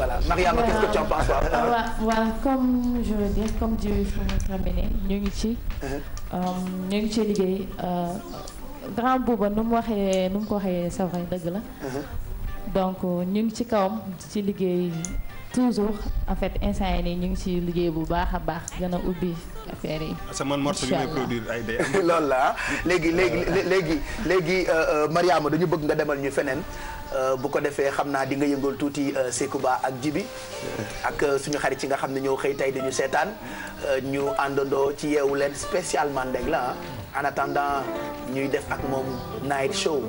Voilà, Mariam, qu'est-ce que tu en penses voilà voilà comme je veux dire comme Dieu xamante ñu ngi ci. Uh-huh. Um, ñu ngi ci liggéey uh, grand booba nu mu waxee nu mu ko waxee c'est dëgg la. Uh-huh. donc uh, ñu ngi ci kawam ci liggéey toujours en fait instant yi nii ñu ngi ci liggéey bu baax a baax gën a ubbi. affaire yi. parce ah, que bi may produire ay day am. la ah. léegi léegi léegi léegi euh, euh, dañu bëgg nga demal ñu feneen euh, bu ko defee xam naa di nga yëngal tuuti Sekouba ak Jibi ak suñu xarit ci nga xam ne ñoo xëy tey dañu seetaan ñu àndandoo ci yeewu leen spécial Mandeng la ah. en attendant ñuy def ak moom night show.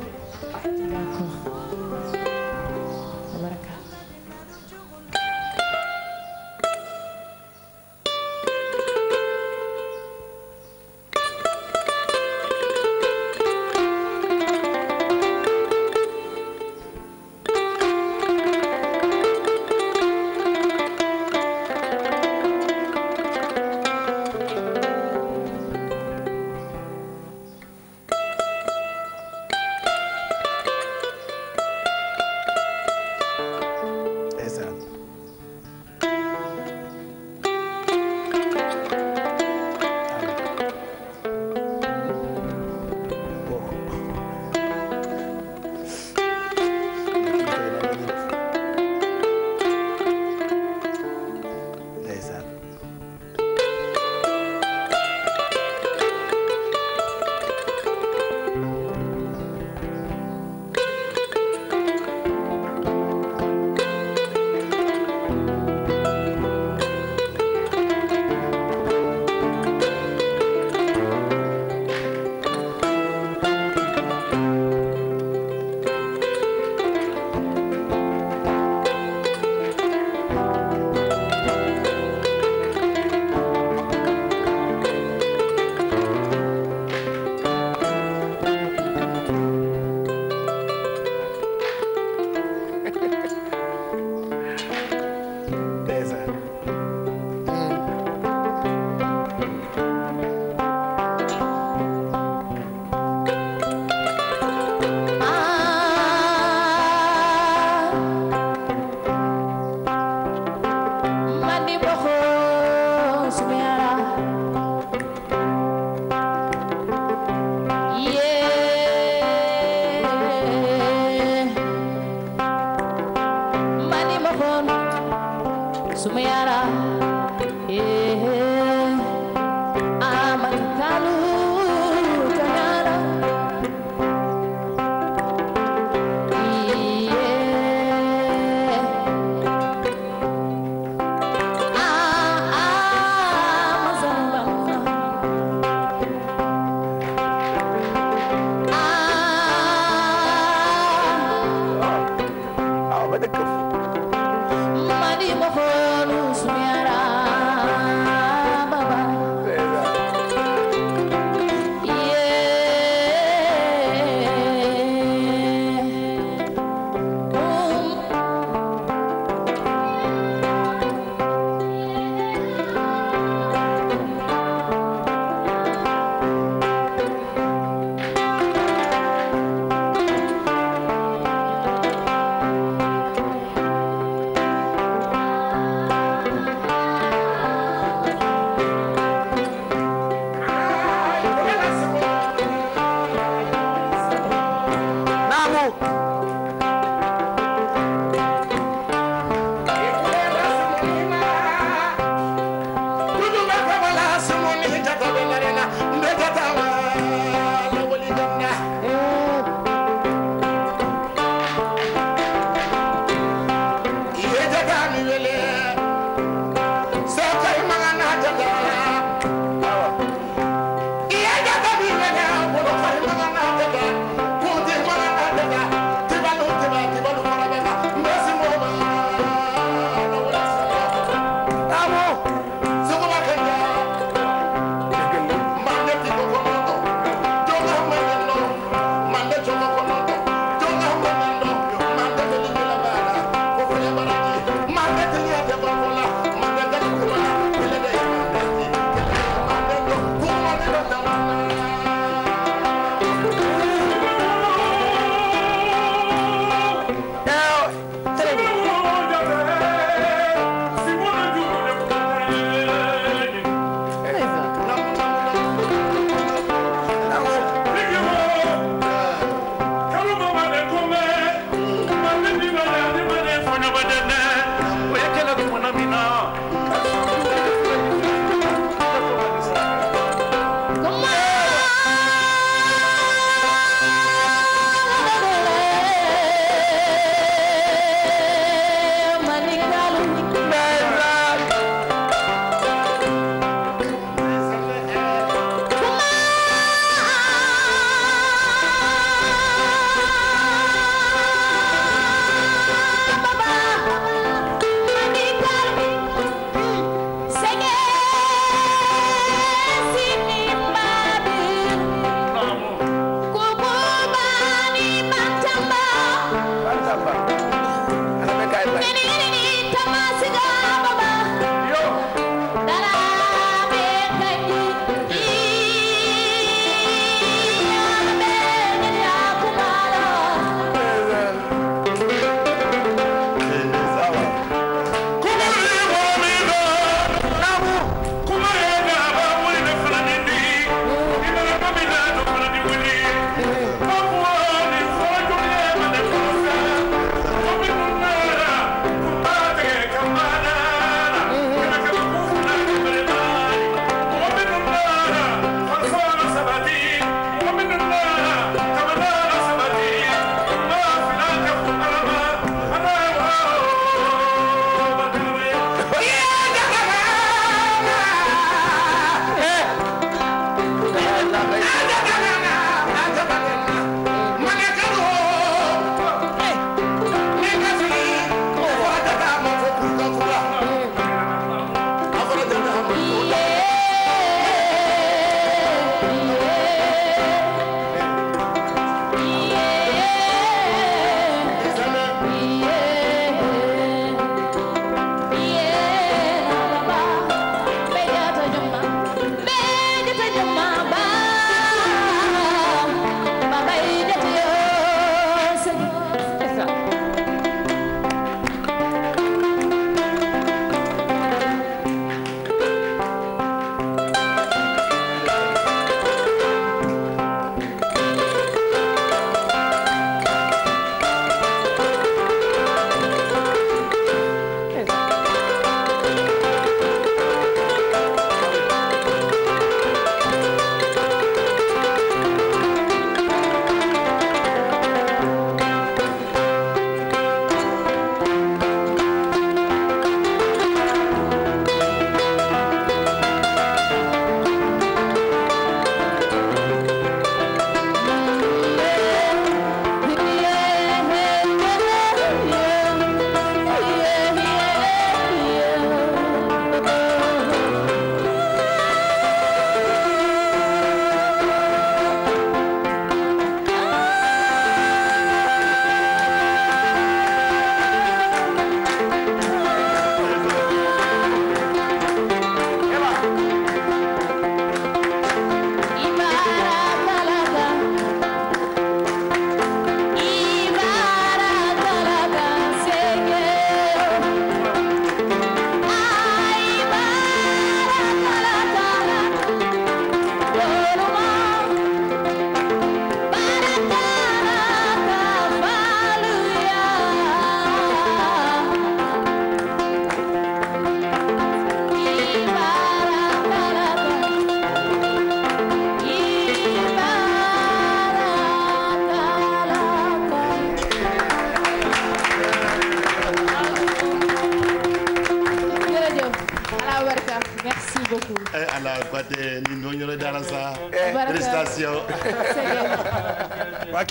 suma yaara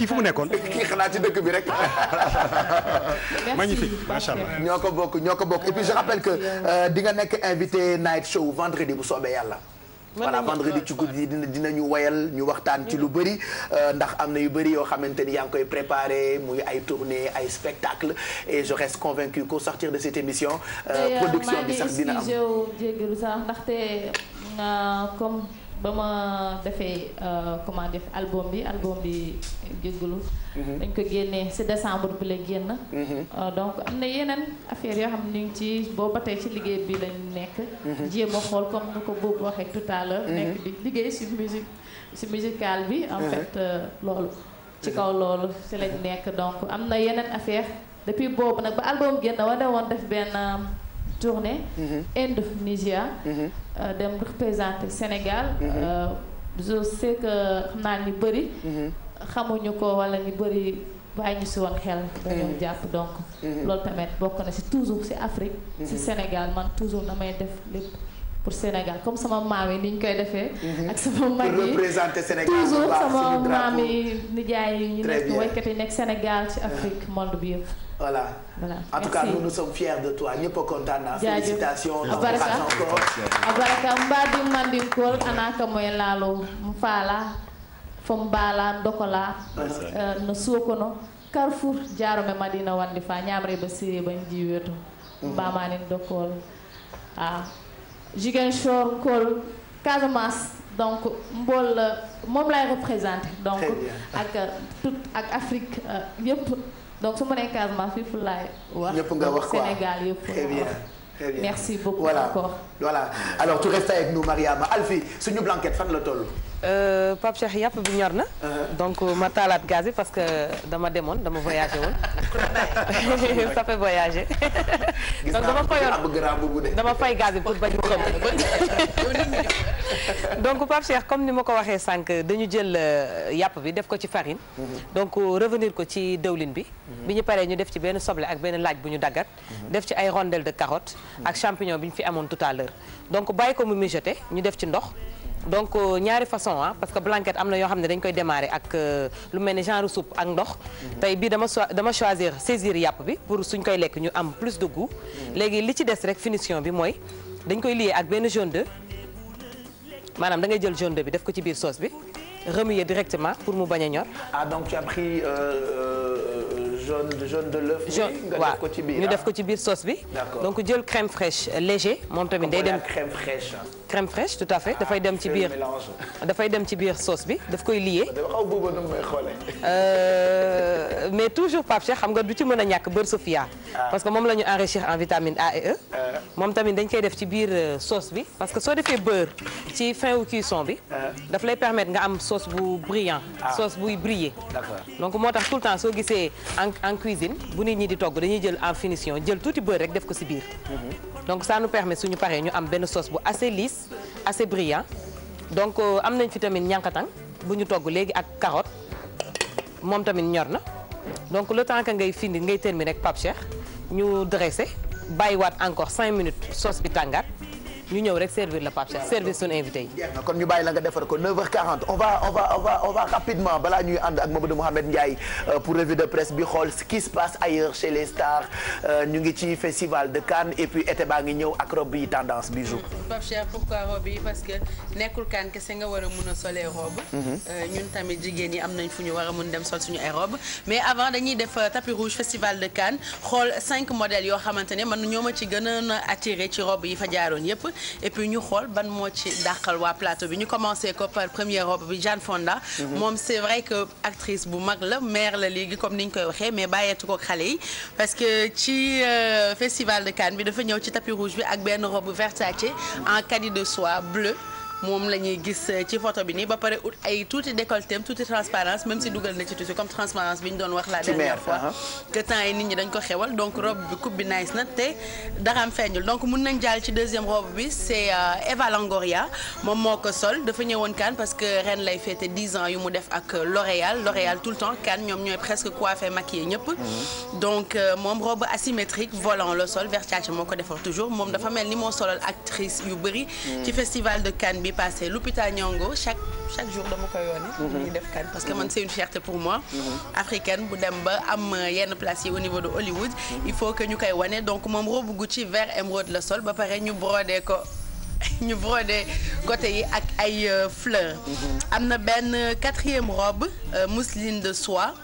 kii fu mu nekkoon. ci dëkk bi rek. magnifique macha allah. ñoo ko bokk ñoo ko bokk et puis je rappelle que euh, dinga nga nekk invité night show vendredi bu soobee yàlla. voilà vendredi ci guddi dina dinañu woyal ñu waxtaan ci lu bëri euh, ndax am na yu bëri yoo xamante ni yaa ngi koy préparé muy ay tournée ay spectacle et je reste convaincu qu'au sortir de cette émission euh, production bi sax dina am comme ba ma defee euh, comment dire album bi album bi jéggulu mhm. dañ ko génnee si décembre bi la génn mhm. euh, donc am na yeneen affaire yoo xam ne ñu ngi ci boobu ba tey ci liggéey bi lañ nekk mhm. jéem a xool comme nu ko boobu waxee tout à l'heure nekk di liggéey si musique si musicale bi en fait euh, loolu ci kaw loolu si lañ nekk donc am na yeneen affaire depuis boobu nag ba album génn war na woon def benn tournée. Mm-hmm. Inde Nigeria. Mm-hmm. Euh, dem représenter Sénégal. Mm-hmm. Euh, je sais que xam naa ni bëri. xamuñu ko wala ñu bëri bàyyi ñu si woon xel. dañoo jàpp donc. loolu tamit bokk na si toujours si Afrique. si Sénégal man toujours damay def lépp. pour Sénégal comme sama maam yi ni ñu koy defee. ak sama mag yi représenter Sénégal toujours sama maam yi nijaay yi ñu nekk waykat yi nekk Sénégal ci uh-huh. Afrique monde bi yëpp. voilà voilà en tout cas nous nous de toi ñëpp a kontaan naa. félicitations donc pas encore. abaraka mbadi mandinkol anaka moy laalo mfala fom bala ndokola euh, no sokono carrefour jarome madina wandi fa ñamre ba siré ba jiweto mhm. mbamani ndokol ah Ziguinchor Kol Casamance donc mbool euh, moom lay représenter donc ak euh, tout ak Afrique yëpp donc su ma nee Casamance fii fu laay wax. ñëpp nga wax quoi Sénégal yëpp. très bien très bien merci beaucoup. voilà encore. voilà alors tu restes avec nous Mariama Alfi suñu blanquette fan la toll. Euh, Pape Cheikh yàpp bi ñor na. Uh-huh. donc euh, ma taalaat gaz yi parce que dama demoon dama voyagé woon. ça fait voyager. donc dama fayoon dama fay gaz yi pour bañ mu xam. donc Pape Cheikh comme ni ma ko waxee sànq dañu jël euh, yàpp bi def ko ci farine. Mhm. donc euh, revenir ko ci dëwlin bi. Mhm. bi ñu paree ñu def ci benn soble ak benn laaj bu ñu daggat. Mhm. def ci ay rondelles de carotte. ak champignon bi ñu fi amoon tout à donc bàyyi ko mu mijoter ñu def ci ndox. donc euh, ñaari façon ah parce que blanquette am na yoo xam ne dañ koy démarrer ak lu mel ni genre soupe ak ndox. tey bii dama dama choisir saisir yàpp bi pour suñ koy lekk ñu am plus de goût. léegi li ci des rek finition bi mooy dañ koy lier ak benn jaune d'œuf maanaam da ngay jël jaune d'œuf bi def ko ci biir sauce bi remuer directement pour mu bañ a ñor. ah donc tu as pris. Euh, euh, jaune jaune de l'œuf nga def ko ci biir ah. ko biir sauce bi. donc jël crème fraîche léger moom tamit day dem crème fraîche. tout à fait dafay dem ci biir dafay dem ci biir sauce bi daf koy lié. Euh, mais toujours Pape Cheikh xam nga du ci mën a ñàkk beurre Sofia. Ah. parce que moom la ñu enrichir en vitamine A E. Ah. moom tamit dañ koy def ci biir euh, sauce bi parce que soo defee beurre ci fin wu son bi. daf lay permettre nga am sauce bu brillant. sauce buy briller. donc moo tax tout le temps soo en cuisine bu nit ñi di togg dañuy jël en finition jël tuuti beurre rek def ko ci biir. Mhm. donc ça nous permet suñu paree ñu am benn sauce bu assez lisse assez brillant donc euh, am nañ fi tamit ñànkatang bu ñu togg léegi ak carotte moom tamit ñor na donc le temps que ngay findi ngay terminer rek Pape Cheikh ñu bàyyi waat encore 5 minutes sauce bi tàngaat. ñu ñëw rek servir la Pape Cheikh service invité yi. kon ñu bàyyi la nga defar ko 9 h on va on va on va on va rapidement balaa ñuy ànd ak Mamadou Mouhamed Ndiaye euh, pour revue de presse bi xool ce qui se passe ailleurs chez les stars euh, ñu ngi ci festival de Cannes et baa ngi ñëw ak robe yi tendance bi jour. Mm-hmm. Pape pourquoi robe yi parce que nekkul Cannes kese nga war a mun a solee robe. Mm-hmm. Euh, ñun tamit jigéen ñi am nañ fu ñu war a mun dem sol suñu ay robe mais avant dañuy de Cannes xool yoo xamante ne man ma ci gën a attiré ci yi fa et ñu xool ban moo ci dàqal waa plateau bi ñu commencé ko par première robe bi Jane Fonda. Mhm. moom c'est vrai que actrice bu mag la mère la léegi comme ni ñu koy waxee mais bàyyeetu ko xale yi parce que ci euh, festival de Cannes bi dafa ñëw ci tapis rouge bi ak benn robe Versace en caddie de soie bleu. moom la ñuy gis euh, ci photo bi nii ba pare ut ay tuuti décolleté am tuuti transparence même si dugal na ci tuuti comme transparence bi ñu doon wax la dernière fois ah. que temps yi nit ñi dañ ko xewal donc robe bi coupe bi nice na te daraam feeñul donc mun nañ jàll ci deuxième robe bi c'est euh, Eva Longoria moom moo ko sol dafa ñëwoon Cannes parce que ren lay fêté 10 ans yu mu def ak L'Oréal L'Oréal tout le temps Cannes ñoom ñooy presque coiffé maquillé ñëpp mhm. donc euh, moom robe asymétrique volant le sol Versace moo ko defar toujours moom dafa mel ni moo solal actrice yu bëri mhm. ci bi passé l'hôpital Ñongo chaque chaque jour dama koy yoone mhm. ñuy def que mhm. man c'est une fierté pour moi mhm. bu dem ba am euh, yenn place yi au niveau il faut que ñu koy wane donc moom robe Gucci vert émeraude la sol ba pare ñu brodé ko ñu brodé côté yi ak ay euh, fleurs am na benn euh, quatrième robe mousseline de soie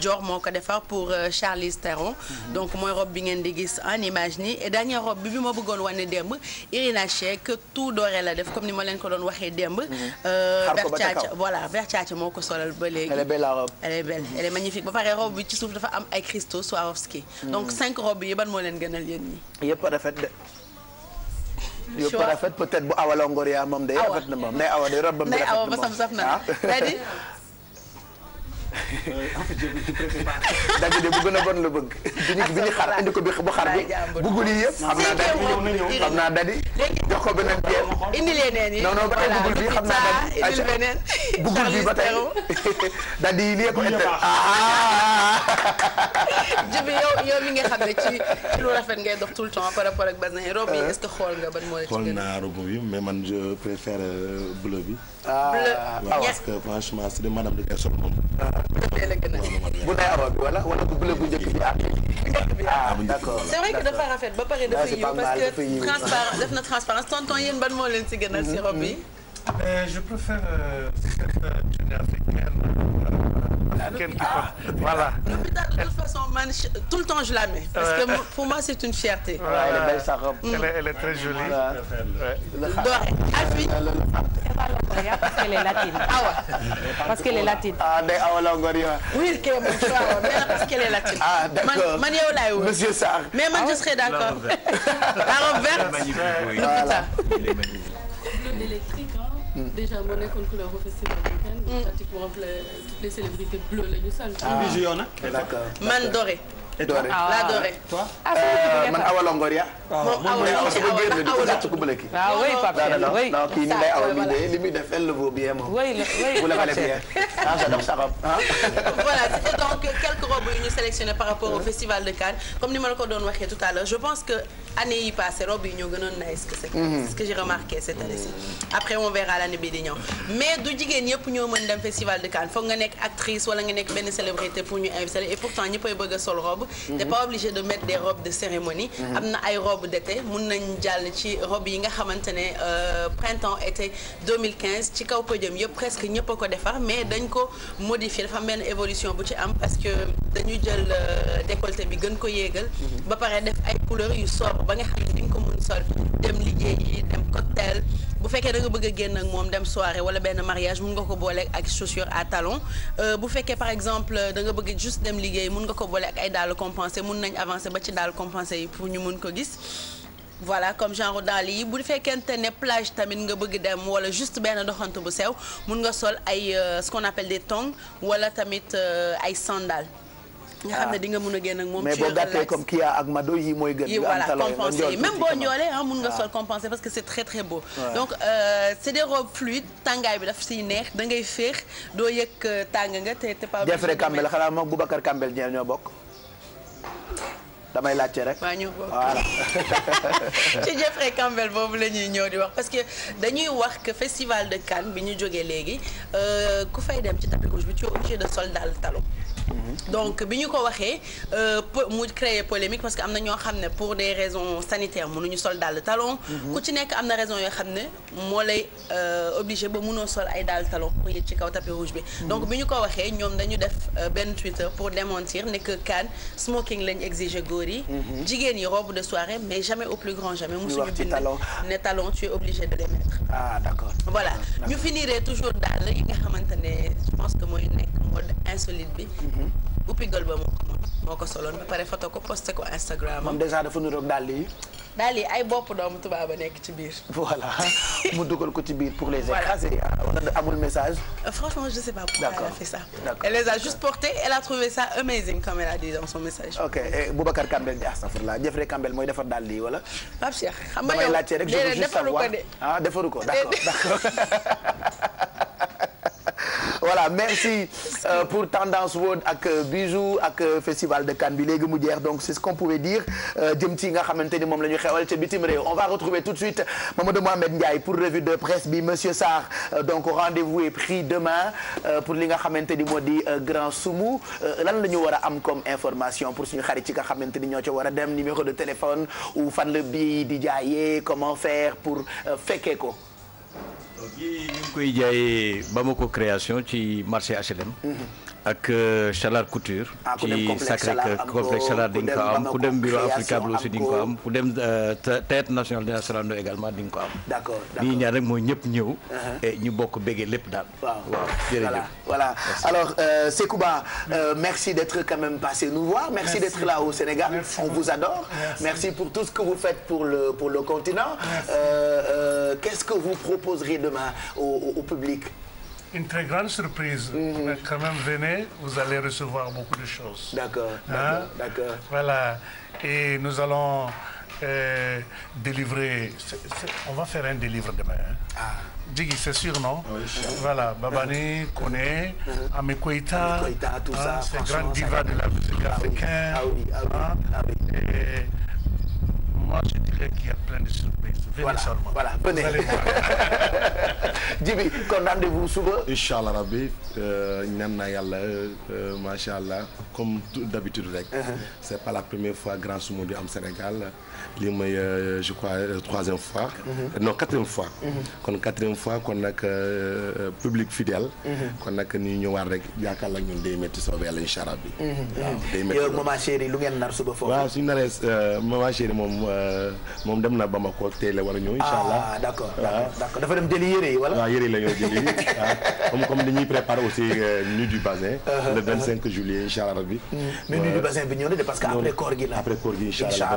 joor euh, moo ko defar pour euh, Charlize Theron mhm. donc mooy rob bi ngeen di gis en image nii et dernière robe bi bi ma bëggoon wane démb a Shayk tout doré la def comme ni ma leen ko doon waxee démb mhm. euh, Versace voilà Versace moo ko solal ba léegi elle la robe elle ba pare bi ci suuf dafa am ay cristaux Swarovski mhm. donc cinq robes yi ban moo leen gënal yéen ñi yëpp rafet de yëpp rafet peut-être bu Awa Longoria moom day rafet na moom nay awa day robe ba mu rafet na ba saf saf na ah. Euh, en fait je préfère dajale bu gën a bon la bëgg. bi ñu bi ñu xar indi ko bi bu xar bi. bëggul yi yëpp xam naa dadi xam naa dadi. jox ko beneen biir indi leneen yi. non non ba tey bëggul bi xam naa dadi. ayca bëggul bi ba tey dadi lii ko inter. Jibi yow yow mi nga xam ne ci lu rafet ngay dox par rapport ak bazin robe euh, yi est-ce xool nga ban moo la ci gën xool naa mais man je préfère euh, bleu bi. Ah, bleu waaw parce que franchement de maanaam da ngay sol moom. bu nay robe bi wala wala bu bleu bu njëkk bi ah. ah d'accord c'est vrai que dafa rafet ba pare dafa yiw moo leen si gënal mhm. euh, je préfère cette tenue africaine. quelqu'un qui porte ah. voilà. de toute façon man tout le temps je la mets. parce que pour moi c'est une fierté. Mm. elle est très jolie. voilà parce qu'elle est latine. Ah parce qu'elle est ah, parce qu'elle est latine. ah d'accord man yow monsieur Sarr mais man je d'accord. la robe verte. voilà. bleu couleur au Mmh. pratiquement toutes les célébrités bleues la ñu sol. ah bijou yow nag. man doré. et toi la dorée. toi man Awa Longoria. moom Awa oui non kii ni awa li muy def elle le vaut bien moom. oui oui la valez bien. voilà c'était donc quelques robes yu ñu sélectionné par rapport au festival de Cannes comme ni ma la ko doon waxee tout à l'heure je pense que année yi passée robes yi ñoo gënoon nice que c'est ce que j'ai remarqué cette année-ci après on verra l'année bii di ñëw mais du jigéen ñëpp ñoo mën dem festival de Cannes foog nga nekk actrice wala nga nekk benn célébrité pour ñu invité et pourtant ñëppay bëgg a sol robe t'es pas obligé de mettre des robe de cérémonie. Mhm. am na ay robes d'été mun nañ jàll ci robe yi nga xamante ne euh, printemps été 2015 ci kaw podium yëpp presque ñëpp a ko defar mais dañ ko modifier dafa am benn évolution bu ci am parce que dañu jël euh, décolleté bi gën ko yéegal. Mhm. ba pare def ay couleurs yu soob ba nga xam ne di nga ko mun sol dem liggéey yi dem cocktail bu fekkee da nga bëgg a génn ak moom dem soirée wala benn mariage mun nga ko boole ak chaussure à talon euh, bu fekkee par exemple danga bëgg juste dem liggéey mun nga ko boole ak ay dàll compensé mun nañ avancer ba ci dàll compensé yi pour ñu mun ko gis voilà comme genre dàll yi bu fekkente ne plage tamit nga bëgg dem wala juste benn doxantu bu sew mun nga sol ay euh, ce qu'on appelle des tongs wala tamit euh, ay sandal nga xam ne di nga mun a génn ak moom. mais boo gàttee comme kii ak Mado yi mooy gën. yi voilà compensé yi même boo ñoolee ah mun nga ah. sol compensé parce que c' très très beau. donc euh, c' est des robes tàngaay bi dafa siy neex da ngay féex doo yëg euh, tàng nga te te pas. Jeffrey Kambel xanaa moom Boubacar Kambel ñeent ñoo bokk. damay laajte rek waaw ñu bokk voilà ci Jeffrey Campbell ñëw di wax parce que dañuy wax que festival de Cannes bi ñu jógee léegi euh, ku fay dem ci tapis rouge bi tu es obligé de sol daal donc bi ñu ko waxee euh, mu créer polémique parce que am na ñoo xam ne pour des raisons sanitaires mënuñu sol dàll talon. Mhm. ku ci nekk am na raison yoo xam ne moo lay euh, obligé ba munoo sol ay dàll talon pour yëg ci kaw tapis rouge bi. Mhm. donc bi ñu ko waxee ñoom dañu def euh, benn Twitter pour démentir ne que kaan smoking lañ exiger góor yi. Mhm. jigéen yi robe de soirée mais jamais au plus grand jamais. musuñu bind ne talon tu es obligé de les mettre. ah d'accord voilà ah, ñu finiree toujours dàll yi nga xamante ne je que mooy nekk mode bi. Mm-hmm. uppingal ba moo ko moo ko soloon ba pare foto ko posté ko Instagram. moom déjà dafa niroog daal lii. daal lii ay bopp doomu tubaab a nekk ci biir. voilà mu dugal ko ci biir pour les écraser. voilà ah, amul message. Euh, franchement je sais pas pourquoi elle a fait ça. d'accord elle les a juste portés elle a trouvé ça amazing comme elle a dit dans son message. ok Boubacar Kambel di astafurlah Jeffrey Kambel mooy defar daal lii wala. Pape Cheikh xam nga yow damay a rek je veux juste savoir ah defaru ko d'accord voilà merci euh, pour Tendance World ak euh, Bijou ak euh, Festival de Cannes bi léegi mu jeex donc c'est ce qu'on pouvait dire jëm ci nga xamante ni moom la ñu xewal ca bitim réew on va retrouver tout de suite Mamadou Mohamed Ndiaye pour revue de presse bi monsieur Sarr donc rendez-vous est pris demain pour li nga xamante ni moo di grand sumu lan la ñu war a am comme information pour suñu xarit ci nga xamante ni ñoo ca war a dem numéro de téléphone ou fan la bii di jaayee comment faire pour fekkee ko yii ñu ngi koy jaayee Bamako création ci marché HLM. Mm-hmm. ak Chalar euh, couture. Ah, ci Sacré Cœur euh, complexe Chalar di nga ko am ku dem bureau euh, africable aussi di nga ko am ku dem théâtre national de Sorano également di nga ko am. d'accord d'accord lii ñaar rek mooy ñëpp ñëw. Uh-huh. ñu bokk béggee lépp daal. waaw jërëjëf voilà alors Sekouba merci d'être quand même passé nous voir. merci d'être là au Sénégal. on vous adore. merci pour tout ce que vous faites pour le pour le continent. Euh, qu'est-ce que vous proposerez demain au, au public une très grande surprise. Mm -hmm. Mais quand même, venez, vous allez recevoir beaucoup de choses. D'accord, hein? d'accord. Voilà. Et nous allons euh, délivrer. C est, c est... on va faire un délivre demain. Hein? Ah. Diggy, c'est sûr, non oui, Voilà, Babani, Kone, mm-hmm. Amekoita, tout hein, ça. Ces grandes divas de la musique ah africaine. Ah oui, ah oui. Ah oui, ah oui. Et... quelqu'un qui a plein de surprises. Venez voilà, seulement. Voilà, venez. Djibi, kon rendez-vous suba. incha allah rabbi euh, ñaan naa yàlla euh, macha allah comme d'habitude rek. Uh-huh. c'est pas la première fois grand sumo di am Sénégal. lii mooy euh, je crois euh, troisième fois. Mhm. non quatrième fois. Mhm. kon quatrième fois kon nag euh, public fidèle. Mhm. kon nag ñu ñëwaat rek jàkkaarloo ak ñun day métti soobee yàlla incha a waaw day métti yow maman chérie lu ngeen nar suba foofu. waaw suñu naree maman chérie moom moom dem na Bamako tey la war a ñëw. incha a ah d' accord d' accord dafa dem jëli yére yi wala. waaw yi la ñoo jëli comme comme dañuy préparer aussi nuit du bassin. Uh-huh, le 25 uh-huh. juillet incha rabbi. Mm. mais nuit du bassin bi ñëw na de parce que après koor la. après koor gi incha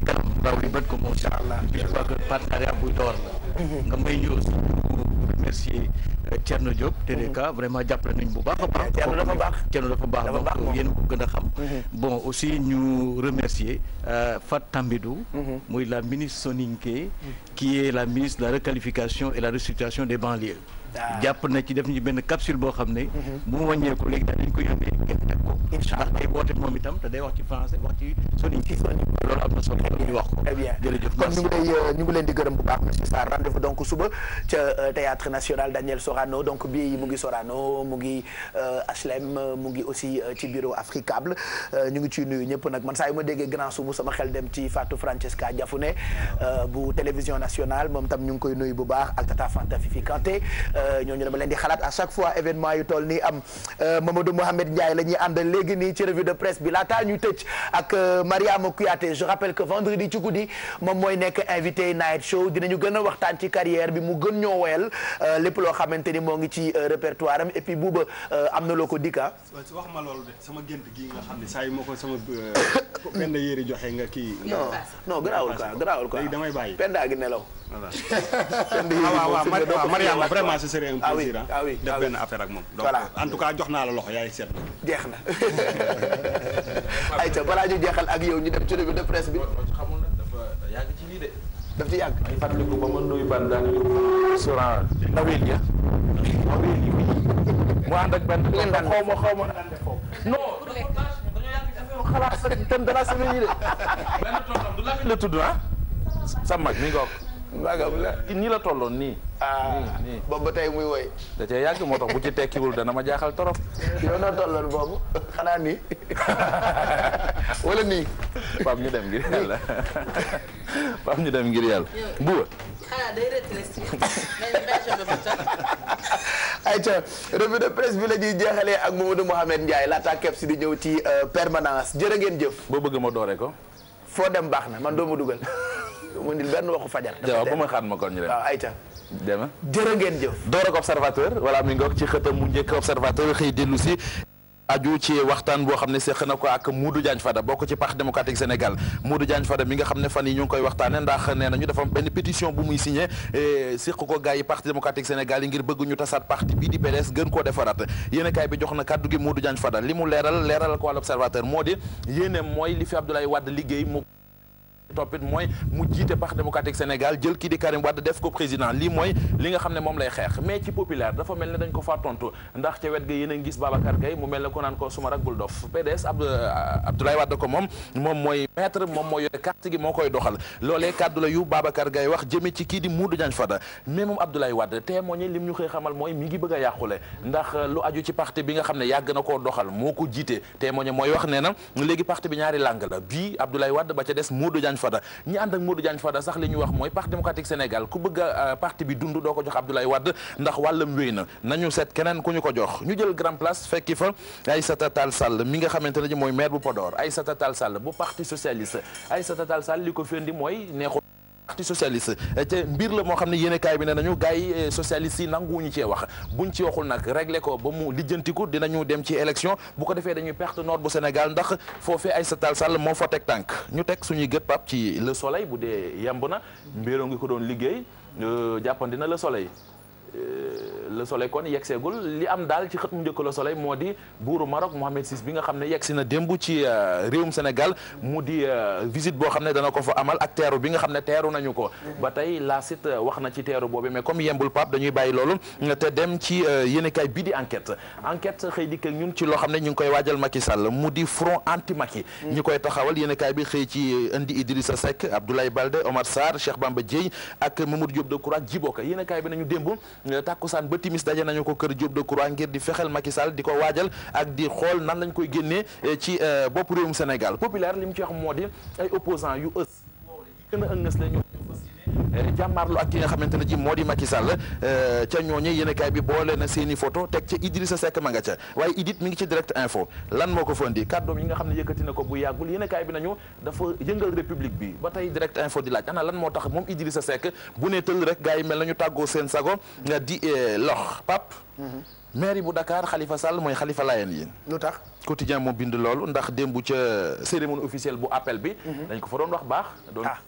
ci kanam ndaw yi bët ko moom incha allah je crois que partenariat buy door la mhm. nga may ñu aussi remercier euh, Thierno Diop TDK mhm. vraiment jàppale nañ bu baax a baax Thierno dafa baax Thierno dafa baax donc yéen ko gën a xam mhm. bon aussi ñu remercier euh, Fat Tambidou muy la ministre Soninké qui est la ministre de la requalification et la restructuration des banlieues jàpp na ci def ñu benn capsule boo xam ne. Mhm. bu mu wàññeeku léegi dañ ko yónnee ngeen teg ko. incha allah ndax moom itam te day wax ci français wax ci soniñ ci soniñ loolu am na solo ñu wax ko. ñu ngi leen di gërëm bu baax monsieur Sarr rendez-vous donc suba ca euh, théâtre donc bii mu ngi Sorano mu ngi HLM euh, mu ngi aussi euh, ci bureau Africable ñu ngi ciy nuyu ñëpp nag man saa yu ma déggee grand sumu sama xel dem ci Fatou Francesca Diafouné bu télévision nationale moom tam ñu ngi koy nuyu bu baax ak Tata Fanta Fifi Kanté Euh, ñooñu dama leen di xalaat à chaque fois événement yu tool nii am euh, Mamadou Mohamed Ndiaye la ñuy àndal léegi nii ci revue de presse bi laataa ñu tëj ak euh, Mariama Kouyaté je rappelle que vendredi ci guddi moom mooy nekk invité night show dinañu gën a waxtaan ci carrière bi mu gën ñoo woyal lépp loo xamante ni moo ngi ci répertoire am et puis buuba am na loo ko dikka ah? wax ma loolu de sama gént gi nga xam ne saa yi moo ko sama penda yéri joxe nga kii non non garaawul quoi garaawul quoi damay bàyyi penda gi nelaw voilà ah, waaw waaw waaw Mariama vraiment ce serait un ah plaisir ah oui def ah benn affaire ak moom. en tout cas jox naa la loxo yaay seet. ak yow ñu dem ci revue de xaw ma xaw ma non. xalaat sax thème de de. la tudd ah. sa mag mi ngoog. magam la nii la tolloon ah, nii. nii boobu ba tey muy woy. da cee yàgg moo tax bu ci tekkiwul dana ma jaaxal torop. yow noo tolloon boobu xanaa nii wala nii. Pape ñu dem ngir yàlla Pape ñu dem ngir yàlla. Mbuba. ah day retraité. ayca revue de presse bi la ñuy jeexalee ak Mamadou Mouhamed Ndiaye laataa kepp si di ñëw ci euh, permanence jërë ngeen jëf. boo bëgg ma doore ko. foo dem baax na man doo ma dugal. mu indil benn waxu fajar. dafa dem ba ma xaat ma kon ñu dem waaw ayca. dema jërë ngeen jëf. door observateur voilà mi ngi ci xëtam mu njëkk observateur xëy dellu si. aju ci waxtaan boo xam ne seq na ko ak Modou Diagne Fada bokk ci Parti démocratique Sénégal Modou Diagne Fada mi nga xam ne fan yi ñu ngi koy waxtaane ndax nee nañu dafa am benn pétition bu muy signé e, seq ko gars yi Parti démocratique Sénégal yi ngir bëgg ñu tasaat parti bii di PDS gën koo defaraat yéene bi jox na k gi Modou Diagne Fada li mu leeral leeralal ko à toppit mooy mu jiite parti démocratique Sénégal jël kii di Karim Wade def ko président lii mooy li nga xam ne moom lay xeex mais ci populaire dafa mel ne dañ ko faa tontu ndax ca wet ga yéen a ngi gis Babacar Gaye mu mel ne ko naan ko suma rak bul dof PDS ab euh, Abdoulaye ko moom moom mooy maître moom mooy yore carte gi moo koy doxal loolee kàddu la yu Babacar Gaye wax jëmee ci kii di Modou Diagne Fada mais moom Abdoulaye Wade témoigné lim ñu xëy xamal mooy mi ngi bëgg a yàqule ndax euh, lu ci parti bi nga xam ne yàgg na koo doxal moo ko jiite témoigné mooy wax nee na léegi parti bi ñaari làng la bii Abdoulaye Wade ba ca des Modou Diagne Fada ñi ànd ak Modou Diagne Fada sax li ñu wax mooy parti démocratique Sénégal ku bëgg a euh, parti bi dund doo ko jox Abdoulaye Wade ndax wàllam wéy na na ñu seet keneen ku ñu ko jox ñu jël grand place fekki fa Aïssata Tall Sall mi nga xamante ne mooy maire bu Podor Aïssata Tall Sall bu parti socialiste Aïssata Tall Sall li ko firndi mooy neexul parti socialiste eh, te mbir la moo xam ne yéenekaay bi ne nañu gars yi eh, socialiste yi ñu cee wax buñ ci waxul nag réglé ko ba mu lijjantiku ñu dem ci élection bu ko defee dañuy perte nord bu Sénégal ndax foofee Aïssata Tall Sall moo fa teg tànk ñu teg suñuy gët pap ci le soleil bu dee yemb na mbiroo ngi ko doon liggéey euh, jàppandi la le soleil Euh, le soleil kon yeggseegul li am daal ci xët mu njëkk le soleil moo di buuru Maroc Mohamed VI bi nga xam ne yeggsi na démb ci euh, réewum Sénégal mu di euh, visite boo xam ne dana ko fa amal ak teeru bi nga xam ne teeru nañu ko ba tey la sit wax na ci teeru boobu mais comme yembul Pape dañuy bàyyi loolu te dem ci yéenekaay bii di enquête enquête xëy dikk ak ñun ci loo xam ne ñu ngi koy waajal Macky Sall mu di front anti Macky mm. ñu koy taxawal yéenekaay bi xëy ci indi Idrissa Seck Abdoulaye Balde Omar Sarr Cheikh Bamba Dièye ak Mamadou Diop Decroix Djibo Ka yéenekaay bi nañu démb takkusaan ba timis daje nañu ko kër Diop Decroix ngir di fexeel Macky Sall di ko waajal ak di xool nan lañu koy génnee eh, ci eh, bopp mu Sénégal populaire li mu ci wax moo di ay opposants yu ës gën a ëngës la Eh, jàmmaarlu ak ki nga xamante ne ji moo di Macky Sall eh, ca ñooñu yéen a kaay bi boole na seen i photo teg ca Idrissa Seck ma nga ca waaye Idit mi ngi ci direct info lan moo ko fandi kàddoom yi nga xam ne yëkkati na ko bu yàggul yéen bi nañu dafa yëngal république bi ba tey direct info di laaj ana lan moo tax moom Idrissa Seck bu ne tëll rek gars yi mel nañu tàggoo seen sago nga di eh, lox pap mhm. maire bu Dakar xalifa Sall mooy Khalifa Layeen yi. lu tax quotidien moo bind loolu ndax démb ca cérémonie officielle bu appel bi. Mhm. dañ ko fa doon wax baax. Ah.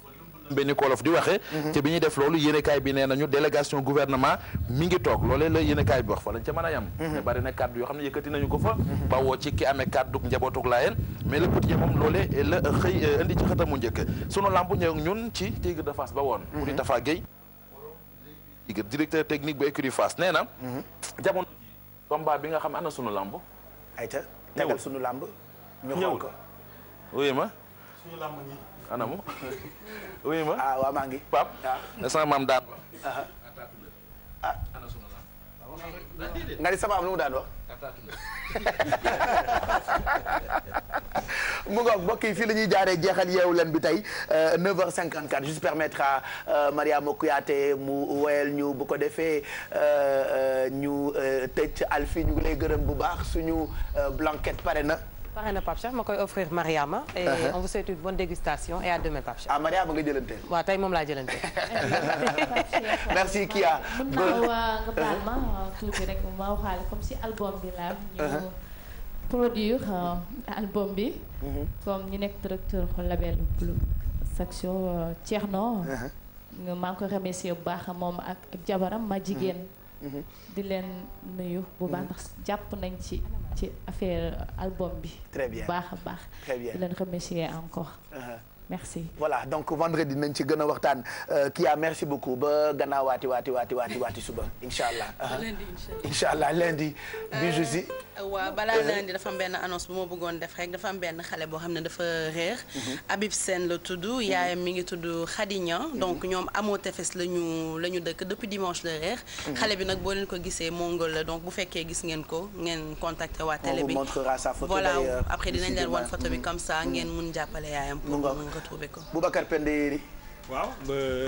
benn kolof di waxee mhm. te bi ñuy def loolu yéenekaay bi nee nañu délégation gouvernement mi ngi toog loolee la yéenekaay bi wax fa lañ ca mën a yam mhm. mais bari na kàddu yoo xam ne yëkkati nañu ko fa mhm. bawoo ci ki amee kàddu njabootug laayeen mais le quotidien moom loolee xëy euh, indi ci xëtamu njëkk sunu làmb ñëw ñun ci Tigre de Fass ba woon mu di Tafa directeur technique bu écurie Fass nee na jamono combat bi nga xam ana sunu làmb ayta tegal sunu làmb ñu xool ko ma sunu làmb anamu. wuyu ma ah waaw maa ngi. Pape ah. ne sama maam daan ah. Ah. nga ni sama am lu mu daan wax. mu ngoog mbokk fii lañuy ñuy jaaree jeexal yeewu leen bi tey 9h54 euh, juste permettre euh, mu woyal ñu bu ko defee euh, ñu tëj Alfi ñu ngi lay gërëm bu baax suñu blanquette pare na. pare na Pape Cheikh ma koy offrir Mariama. et uh-huh. on vous souhaite une bonne dégustation et à demain Pape ah Mariama nga jëlanteel. waaw tey moom laa jëlanteel. merci Kia. mën naa nga uh-huh. baal ma tuuti rek ma waxaale comme si album bi laa ñu uh-huh. produire euh, album bi. comme ñu nekk directeur label Blue Saxo euh, Thierno. maa ngi ko remercier bu baax ak moom ak jabaram ma jigéen. di leen nuyu bu baax mhm. ndax jàpp nañ ci ci affaire album bi. très bien baax a baax. di leen remercier encore. Uh-huh. merci voilà donc vendredi nañ ci gën a waxtaan euh, Kia merci beaucoup ba gannaaw waati waati waati waati waati suba incha allah. Uh-huh. lundi incha allah lundi. Euh, bijou si. Euh, waaw balaa lundi dafa am benn annonce bu ma bëggoon def rek dafa am benn xale boo xam ne dafa réer. Mm-hmm. Habib Sène la tudd. Mm-hmm. yaayam mi ngi tudd Khadinian. Mm-hmm. donc ñoom amoo tefes la ñu la ñu dëkk depuis dimanche la réer. xale bi nag boo leen ko gisee mongol la donc bu fekkee gis ngeen ko ngeen contacter waa télé bi. on vous montrera sa photo d'ailleurs voilà après dinañ leen wan photo bi comme ça ngeen mun jàppale yaayam. retrouver ko. Boubacar Pende Yeri. waaw ba.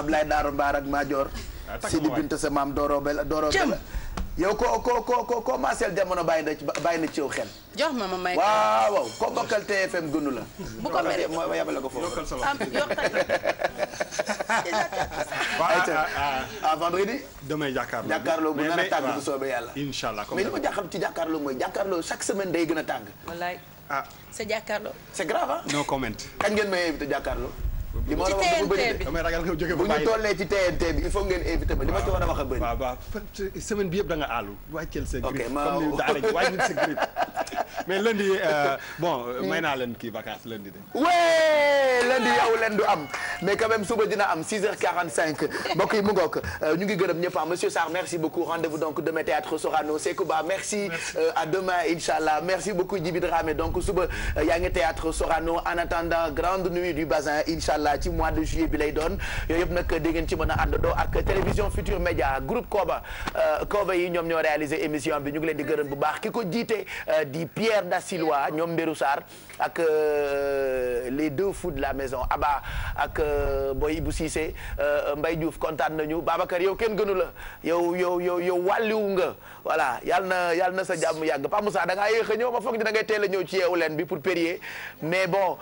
Ablaye Daaro Mbaar ak Maajoor. ah takk Sidi Binta sa maam Doro Bela yow ko ko ko ko ko jamono bàyyi na ci bàyyi na ci yow xel. jox ma ma may. waaw waaw ko bokkal TFM gënu la. bu ko meree ma yabale ko foofu. yokkal sa ah, ah, ah. à vendredi. damay a tàng bu soobee yàlla. incha allah mais li ma jàkkaarloo ci jàkkaarloo mooy jàkkaarloo chaque semaine day gën a tàng. ah. sa jàkkaarloo. c'est grave ah. no comment. kañ ngeen may invité jàkkaarloo. li ma la wax dafa bëri de damay ragal nga il faut ngeen invité ma ma ci war a wax a bëri. waaw waaw semaine bi yëpp da nga aalu. wàcceel sa grippe comme mais euh, euh, naa leen kii vacances lundi de. wéé lundi yow leen du am mais quand suba dina am 6h45 mbokk yi mu ngoog euh, ñu ngi gërëm ñëpp ah monsieur Sarr merci beaucoup rendez-vous donc demain théâtre Sorano Sekouba merci. à demain inchallah merci beaucoup Djibi Dramé donc suba yaa théâtre Sorano en attendant grande nuit du Bazin inchallah allah ci mois de juillet bi lay doon yooyu yëpp nag di ngeen ci mën a àndandoo ak télévision Futur Média groupe Koba euh, Koba yi ñoom ñoo réalisé émission bi ñu ngi leen di gërën bu baax ki ko jiite euh, di Pierre Da Silva ñoom Mbéru Sarr ak euh, les deux fous la maison Abba ak euh, Boy Ibou Cissé euh, Mbaye Diouf kontaan nañu Babacar yow kenn gënu la yow yow yow yow wàlliwu nga voilà yal na yal na sa jàmm yàgg Pa Moussa da ngaa yéex a ñëw ma foog ni da ngay teel a ñëw ci yeewu leen bi pour périer mais bon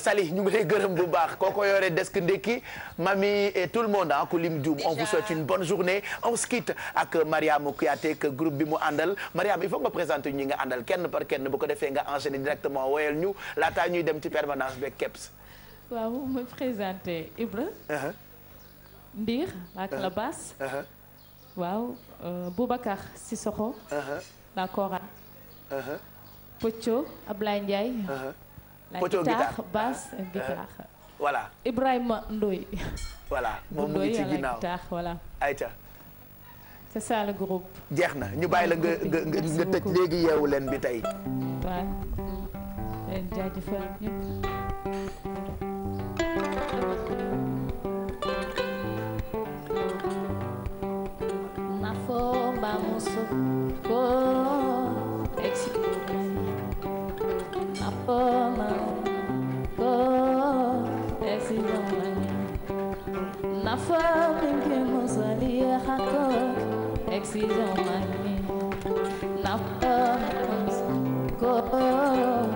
Sali ñu ngi lay gërëm bu baax ko yore desk ndekki mami et tout le monde ah ku lim Dioum on vous souhaite une bonne journée on se quitte ak Mariam Kouyaté ak bi mu àndal Mariam il faut nga présenter ñi nga àndal kenn par kenn bu ko defee nga enchaîner directement woyal ñu laataa ñuy dem ci permanence beeg KEPS. waaw ma présenté Ibra. Uh-huh. Ndiir ak uh-huh. la basse. Uh-huh. waaw euh, Boubacar Sissoko. la Kora. Pocho Ablaye Ndiaye. Pocho guitare la guitare basse guitare. voilà Ibrahima Ndoye. voilà moom mu ngi ci ginnaaw voilà. Aïcha. c'est ça le groupe. jeex na ñu bàyyi la nga nga nga tëj léegi yeewu leen bi tey. leen jaajëfal ñëpp na foo mbaa musu ko Exige un mani, na fome, como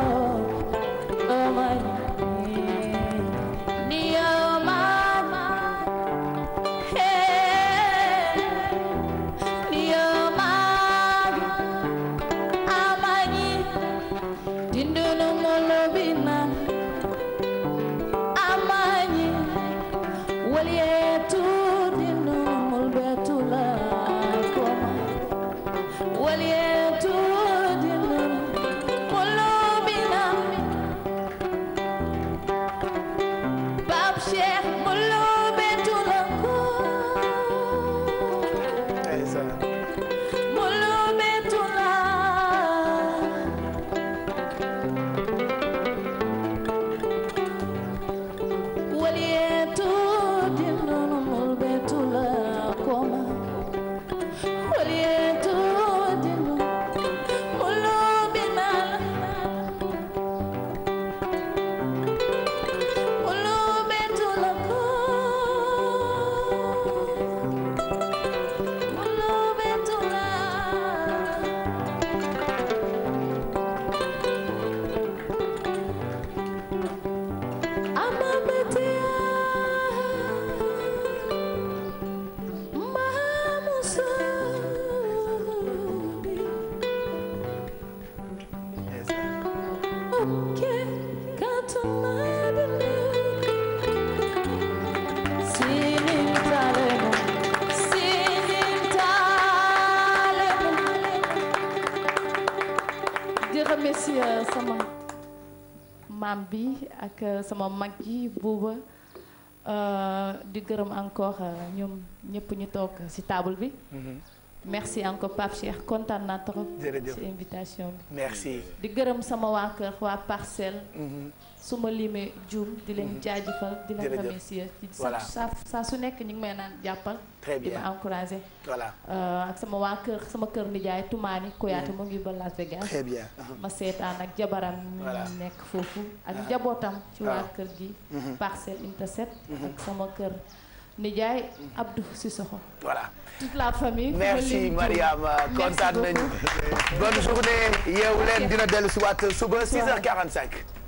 ak euh, sama mag yi buuba euh, di gërëm encore euh, ñoom ñëpp ñu toog ci taabal bi mm-hmm. merci encore Pape Cheikh kontaan naa trop. ci invitation bi. merci di gërëm sama waa kër waa parcel mhm. su ma limee Dioum di leen mhm. jaajëfal. di leen remercier ci saa saa su nekk ñu may naan jàppal. très bien di ma encouragé. Euh, ak sama waa kër sama kër nijaay Toumani Koyaate mhm. mu ngi ba Las Vegas. très bien. ma seetaan ak jabaram. nekk foofu. ak njabootam ci waa kër gi. parcelle unité 7. ak sama kër. nijaay Abdou Sissoko. voilà toute la famille. merci Mariama euh, kontaan nañu. bonne journée yeewu leen dina dellu si waat suba 6h45.